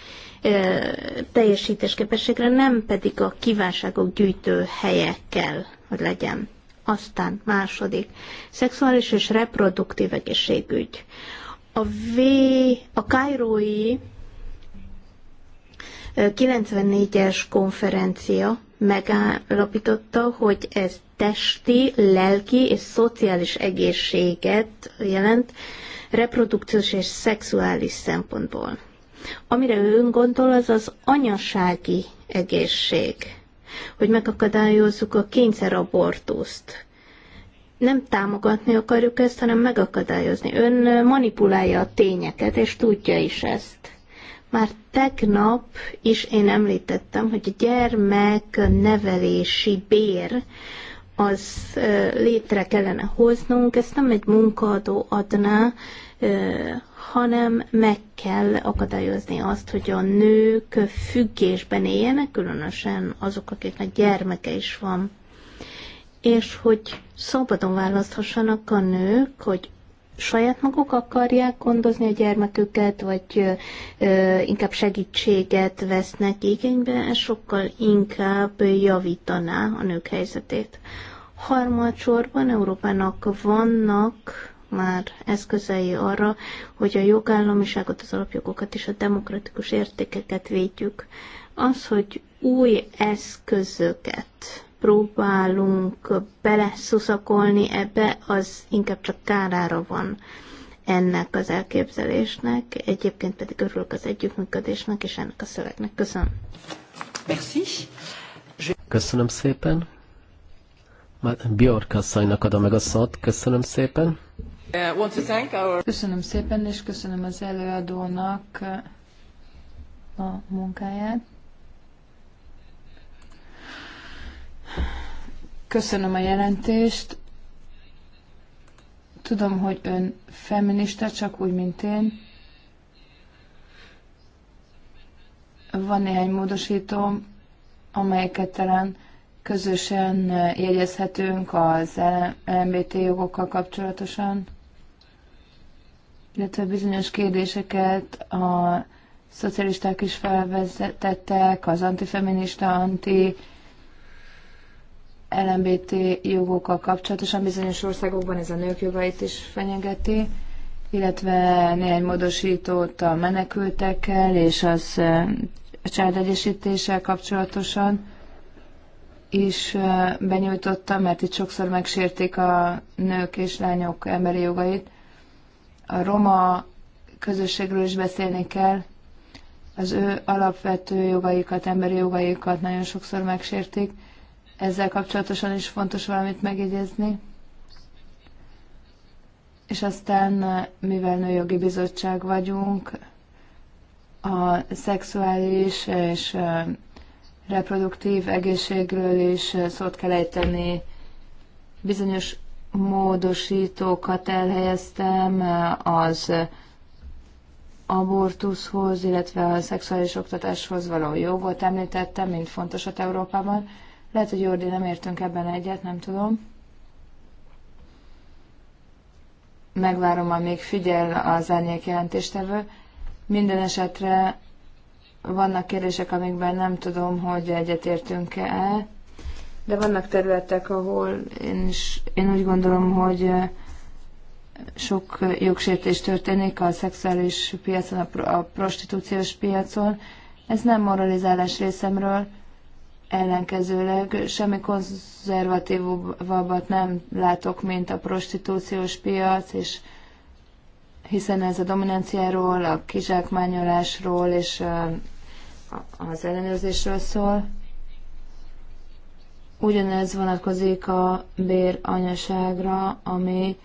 teljesítésképességre, nem pedig a kívánságok gyűjtő helyekkel, hogy legyen. Aztán második, szexuális és reproduktív egészségügy. A, v, a Kairói 94-es konferencia megállapította, hogy ez testi, lelki és szociális egészséget jelent reprodukciós és szexuális szempontból. Amire ön gondol, az az anyasági egészség, hogy megakadályozzuk a kényszerabortuszt. Nem támogatni akarjuk ezt, hanem megakadályozni. Ön manipulálja a tényeket, és tudja is ezt. Már tegnap is én említettem, hogy a gyermek nevelési bér az létre kellene hoznunk, ezt nem egy munkaadó adná, hanem meg kell akadályozni azt, hogy a nők függésben éljenek, különösen azok, akiknek gyermeke is van. És hogy szabadon választhassanak a nők, hogy saját maguk akarják gondozni a gyermeküket, vagy ö, inkább segítséget vesznek igénybe, ez sokkal inkább javítaná a nők helyzetét. Harmadsorban Európának vannak már eszközei arra, hogy a jogállamiságot, az alapjogokat és a demokratikus értékeket védjük. Az, hogy új eszközöket próbálunk beleszuszakolni ebbe, az inkább csak kárára van ennek az elképzelésnek. Egyébként pedig örülök az együttműködésnek és ennek a szövegnek. Köszönöm. Köszönöm szépen. Már Bjork asszonynak adom meg a szót. Köszönöm szépen. Uh, köszönöm szépen, és köszönöm az előadónak a munkáját. Köszönöm a jelentést. Tudom, hogy ön feminista, csak úgy, mint én. Van néhány módosító, amelyeket talán közösen jegyezhetünk az LMBT jogokkal kapcsolatosan illetve bizonyos kérdéseket a szocialisták is felvezetettek, az antifeminista, anti LMBT jogokkal kapcsolatosan bizonyos országokban ez a nők jogait is fenyegeti, illetve néhány módosítót a menekültekkel és az a családegyesítéssel kapcsolatosan is benyújtotta, mert itt sokszor megsértik a nők és lányok emberi jogait. A roma közösségről is beszélni kell. Az ő alapvető jogaikat, emberi jogaikat nagyon sokszor megsértik. Ezzel kapcsolatosan is fontos valamit megjegyezni. És aztán, mivel nőjogi bizottság vagyunk, a szexuális és reproduktív egészségről is szót kell ejteni. Bizonyos módosítókat elhelyeztem az abortuszhoz, illetve a szexuális oktatáshoz való jogot említettem, mint fontosat Európában. Lehet, hogy Jordi nem értünk ebben egyet, nem tudom. Megvárom, amíg figyel az árnyék jelentéstevő. Minden esetre vannak kérdések, amikben nem tudom, hogy egyetértünk-e de vannak területek, ahol én is én úgy gondolom, hogy eh, sok eh, jogsértés történik a szexuális piacon, a prostitúciós piacon. Ez nem moralizálás részemről, ellenkezőleg semmi konzervatívabbat nem látok, mint a prostitúciós piac, és hiszen ez a dominanciáról, a kizsákmányolásról és eh, az ellenőrzésről szól. Ugyanez vonatkozik a béranyaságra, ami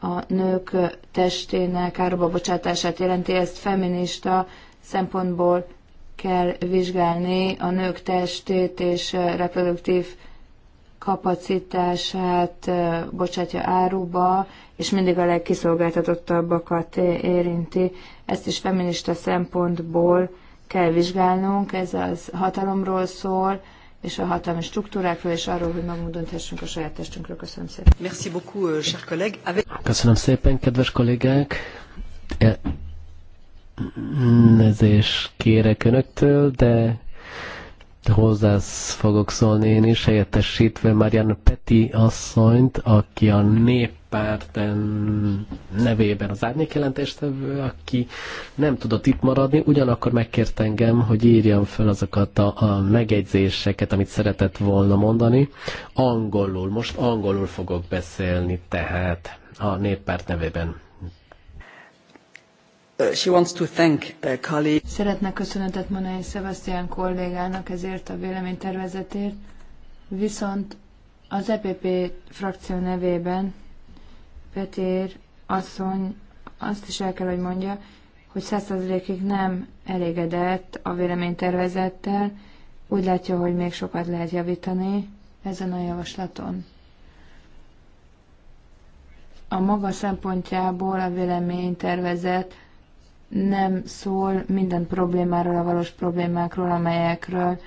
a nők testének áruba bocsátását jelenti, ezt feminista szempontból kell vizsgálni a nők testét és reproduktív kapacitását bocsátja áruba, és mindig a legkiszolgáltatottabbakat érinti. Ezt is feminista szempontból kell vizsgálnunk, ez az hatalomról szól, és a hatalmi struktúrákról, és arról, hogy magunk dönthessünk a saját testünkről. Köszönöm szépen. Merci beaucoup, euh, cher collègue. Köszönöm szépen, kedves kollégák. E- Elnézést kérek önöktől, de hozzá fogok szólni én is, helyettesítve Marian Peti asszonyt, aki a néppárten nevében az tevő, aki nem tudott itt maradni, ugyanakkor megkért engem, hogy írjam fel azokat a, a megjegyzéseket, amit szeretett volna mondani. Angolul, most angolul fogok beszélni tehát a néppárt nevében. Uh, she wants to thank uh, a Szeretne köszönetet mondani Sebastian kollégának ezért a véleménytervezetért, viszont az EPP frakció nevében Petér asszony azt is el kell, hogy mondja, hogy 100%-ig nem elégedett a véleménytervezettel, úgy látja, hogy még sokat lehet javítani ezen a javaslaton. A maga szempontjából a véleménytervezet nem szól minden problémáról, a valós problémákról, amelyekről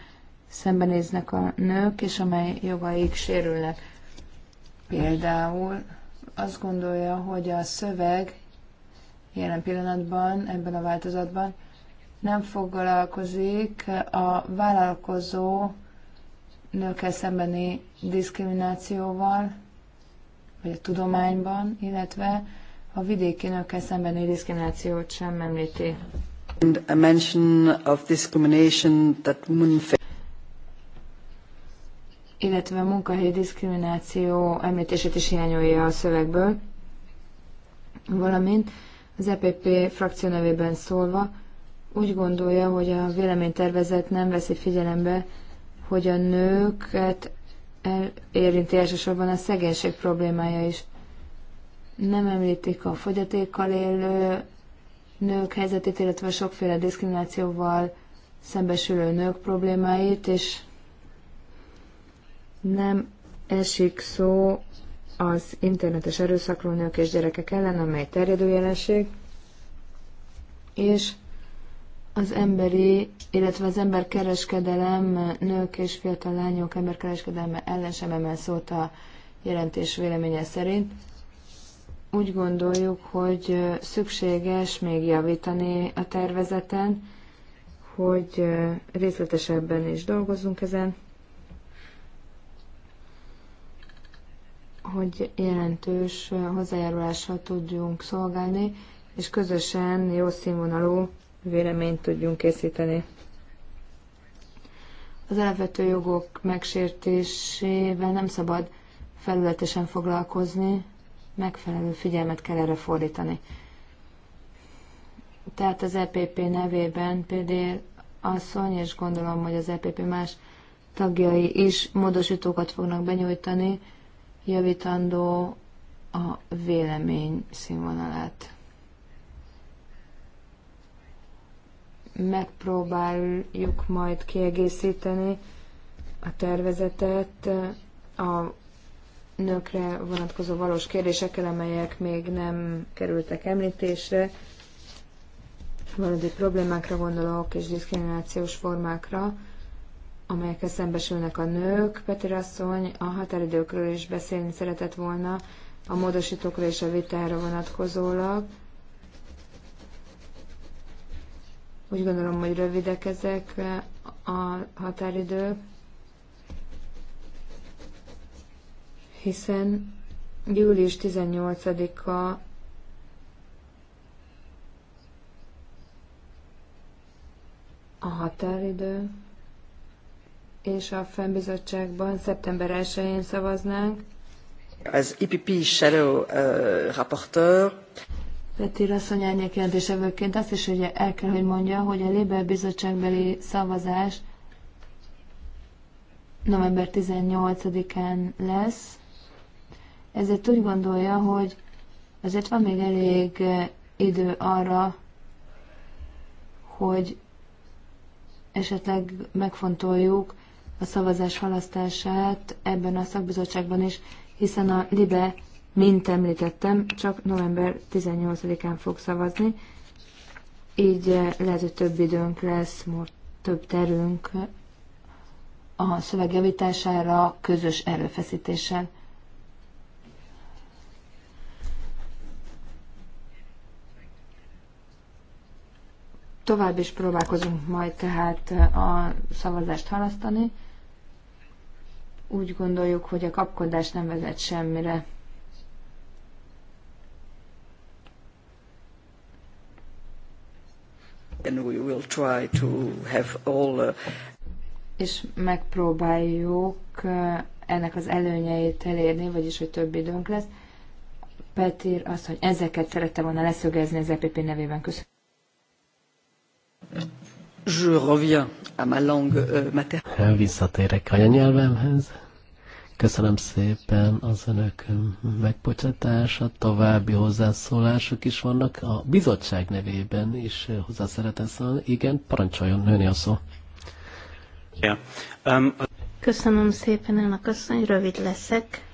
szembenéznek a nők, és amely jogaik sérülnek. Például azt gondolja, hogy a szöveg jelen pillanatban, ebben a változatban nem foglalkozik a vállalkozó nőkkel szembeni diszkriminációval, vagy a tudományban, illetve a vidéki nőkkel szembeni diszkriminációt sem említi. And a mention of discrimination that women illetve a munkahelyi diszkrimináció említését is hiányolja a szövegből, valamint az EPP frakció nevében szólva úgy gondolja, hogy a véleménytervezet nem veszi figyelembe, hogy a nőket érinti elsősorban a szegénység problémája is nem említik a fogyatékkal élő nők helyzetét, illetve sokféle diszkriminációval szembesülő nők problémáit, és nem esik szó az internetes erőszakról nők és gyerekek ellen, amely terjedő jelenség, és az emberi, illetve az emberkereskedelem, nők és fiatal lányok emberkereskedelme ellen sem emel szót a jelentés véleménye szerint úgy gondoljuk, hogy szükséges még javítani a tervezeten, hogy részletesebben is dolgozunk ezen, hogy jelentős hozzájárulással tudjunk szolgálni, és közösen jó színvonalú véleményt tudjunk készíteni. Az alapvető jogok megsértésével nem szabad felületesen foglalkozni, megfelelő figyelmet kell erre fordítani. Tehát az EPP nevében például asszony, és gondolom, hogy az EPP más tagjai is módosítókat fognak benyújtani, javítandó a vélemény színvonalát. Megpróbáljuk majd kiegészíteni a tervezetet a nőkre vonatkozó valós kérdésekkel, amelyek még nem kerültek említésre. Valódi problémákra gondolok és diszkriminációs formákra, amelyekkel szembesülnek a nők. Peter asszony a határidőkről is beszélni szeretett volna, a módosítókról és a vitára vonatkozólag. Úgy gondolom, hogy rövidek ezek a határidők. hiszen július 18-a a határidő, és a fennbizottságban szeptember 1-én szavaznánk. Az IPP Shadow uh, Rapporteur. Peti Rasszony árnyék jelentéstevőként azt is ugye el kell, hogy mondja, hogy a Léber bizottságbeli szavazás november 18-án lesz, ezért úgy gondolja, hogy azért van még elég eh, idő arra, hogy esetleg megfontoljuk a szavazás halasztását ebben a szakbizottságban is, hiszen a LIBE, mint említettem, csak november 18-án fog szavazni, így eh, lehet, hogy több időnk lesz, több terünk a szövegjavítására közös erőfeszítéssel. Tovább is próbálkozunk majd tehát eh, a szavazást halasztani. Úgy gondoljuk, hogy a kapkodás nem vezet semmire. And we will try to have all, uh... És megpróbáljuk eh, ennek az előnyeit elérni, vagyis hogy több időnk lesz. Petir azt, hogy ezeket szerette volna leszögezni az EPP nevében. Köszönöm. Je reviens à ma langue euh, maternelle. Visszatérek Köszönöm szépen az önök megbocsátását, további hozzászólások is vannak. A bizottság nevében is hozzá szeretem szólni. Igen, parancsoljon, nőni a szó. Yeah. Um, Köszönöm szépen, elnök asszony, rövid leszek.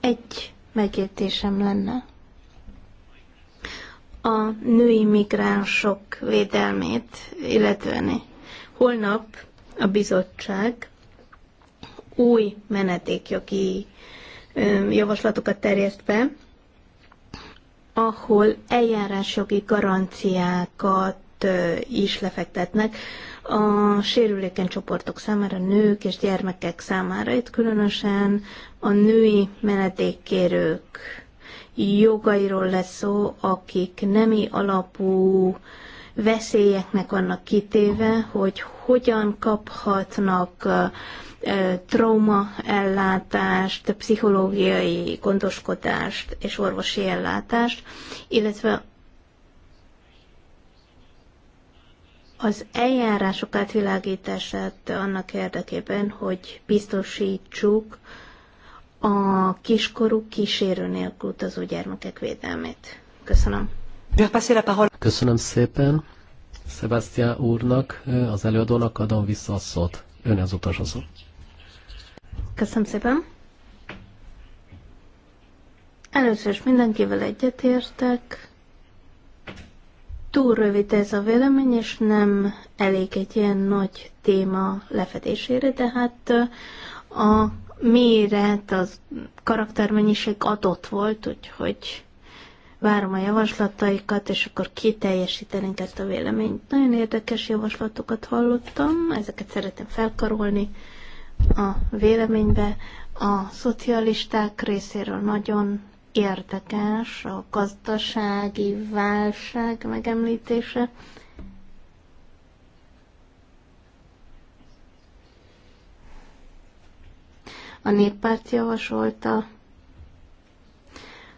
Egy megértésem lenne a női migránsok védelmét illetően. Holnap a bizottság új menetékjogi javaslatokat terjeszt be, ahol eljárásjogi garanciákat is lefektetnek a sérülékeny csoportok számára, nők és gyermekek számára. Itt különösen a női menetékkérők jogairól lesz szó, akik nemi alapú veszélyeknek vannak kitéve, hogy hogyan kaphatnak trauma ellátást, pszichológiai gondoskodást és orvosi ellátást, illetve az eljárások átvilágítását annak érdekében, hogy biztosítsuk a kiskorú kísérő nélkül utazó gyermekek védelmét. Köszönöm. Köszönöm szépen. Sebastian úrnak, az előadónak adom vissza a szót. Ön az utolsó szó. Köszönöm szépen. Először is mindenkivel egyetértek. Túl rövid ez a vélemény, és nem elég egy ilyen nagy téma lefedésére, de hát a méret, az karaktermennyiség adott volt, úgyhogy várom a javaslataikat, és akkor kiteljesítenénk ezt a véleményt. Nagyon érdekes javaslatokat hallottam, ezeket szeretem felkarolni a véleménybe. A szocialisták részéről nagyon érdekes a gazdasági válság megemlítése. A néppárt javasolta,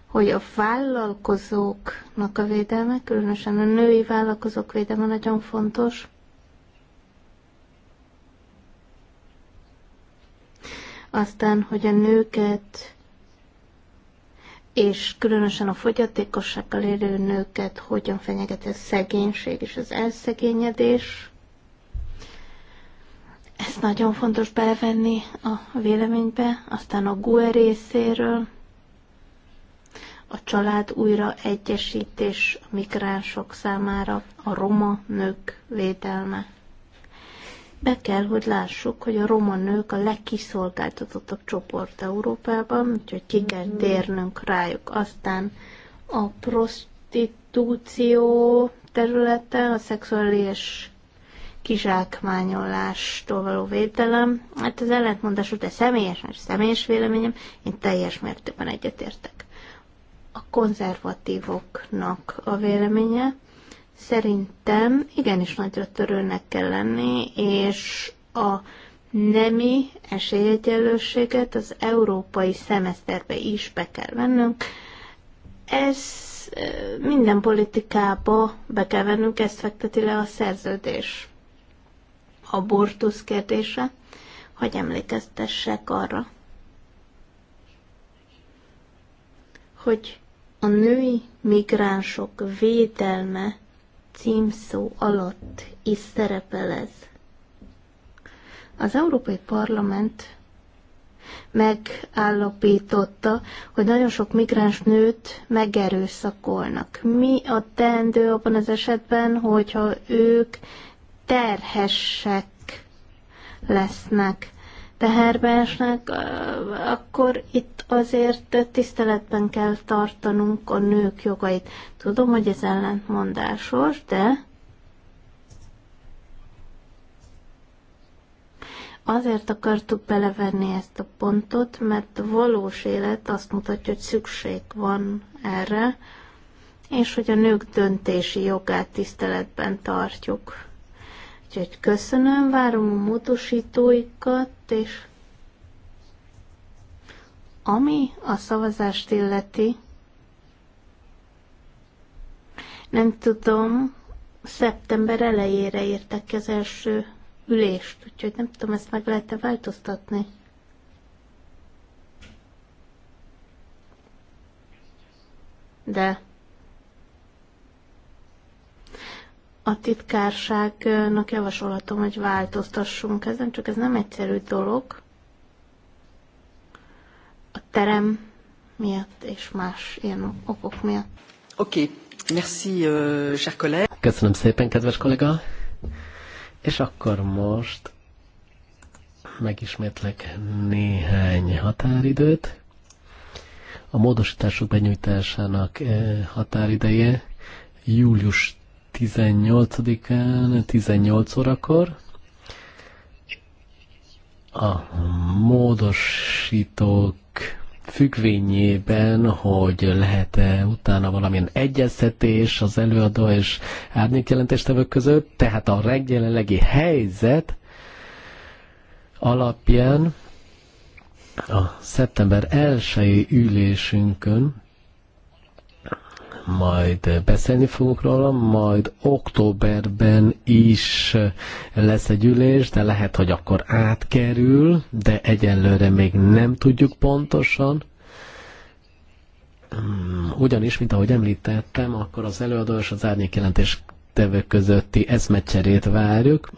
hogy a vállalkozóknak a védelme, különösen a női vállalkozók védelme nagyon fontos. Aztán, hogy a nőket és különösen a fogyatékossággal élő nőket hogyan fenyegeti a szegénység és az elszegényedés. Ezt nagyon fontos belevenni a véleménybe, aztán a GUE részéről, a család újra egyesítés a migránsok számára, a roma nők védelme. Be kell, hogy lássuk, hogy a roma nők a legkiszolgáltatottabb csoport Európában, úgyhogy ki kell térnünk rájuk. Aztán a prostitúció területe, a szexuális kizsákmányolástól való védelem. Hát az ellentmondás után személyes, mert személyes véleményem, én teljes mértékben egyetértek. A konzervatívoknak a véleménye szerintem igenis nagyra törőnek kell lenni, és a nemi esélyegyenlőséget az európai szemeszterbe is be kell vennünk. Ez eh, minden politikába be kell vennünk, ezt fekteti le a szerződés abortusz kérdése, hogy emlékeztessek arra, hogy a női migránsok védelme címszó alatt is szerepel ez. Az Európai Parlament megállapította, hogy nagyon sok migráns nőt megerőszakolnak. Mi a teendő abban az esetben, hogyha ők terhessek lesznek, teherbe esnek, akkor itt azért tiszteletben kell tartanunk a nők jogait. Tudom, hogy ez ellentmondásos, de azért akartuk belevenni ezt a pontot, mert a valós élet azt mutatja, hogy szükség van erre, és hogy a nők döntési jogát tiszteletben tartjuk. Úgyhogy köszönöm, várom a módosítóikat, és ami a szavazást illeti, nem tudom, szeptember elejére írtak az első ülést, úgyhogy nem tudom, ezt meg lehet-e változtatni. De a titkárságnak javasolhatom, hogy változtassunk ezen, csak ez nem egyszerű dolog. A terem miatt és más ilyen okok miatt. Oké, okay. merci, uh, cher collègue. Köszönöm szépen, kedves kollega. És akkor most megismétlek néhány határidőt. A módosítások benyújtásának eh, határideje július 18-án 18 órakor. A módosítók függvényében, hogy lehet-e utána valamilyen egyeztetés az előadó és jelentéstevők között, tehát a jelenlegi helyzet alapján a szeptember elsői ülésünkön majd beszélni fogunk róla, majd októberben is lesz egy ülés, de lehet, hogy akkor átkerül, de egyelőre még nem tudjuk pontosan. Mm, ugyanis, mint ahogy említettem, akkor az előadó és az árnyék jelentés tevő közötti eszmecserét várjuk.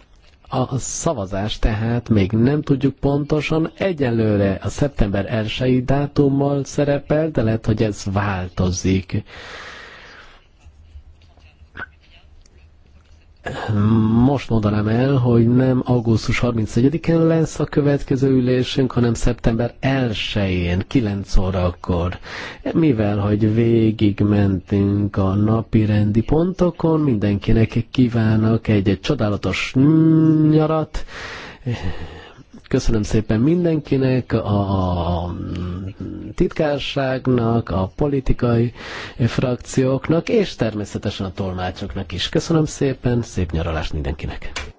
A szavazás tehát még nem tudjuk pontosan, egyelőre a szeptember 1-i dátummal szerepel, de lehet, hogy ez változik. most mondanám el, hogy nem augusztus 31-én lesz a következő ülésünk, hanem szeptember 1-én, 9 órakor. Mivel, hogy végig mentünk a napi rendi pontokon, mindenkinek kívánok egy, egy csodálatos nyarat, Köszönöm szépen mindenkinek, a titkárságnak, a politikai frakcióknak, és természetesen a tolmácsoknak is. Köszönöm szépen, szép nyaralást mindenkinek!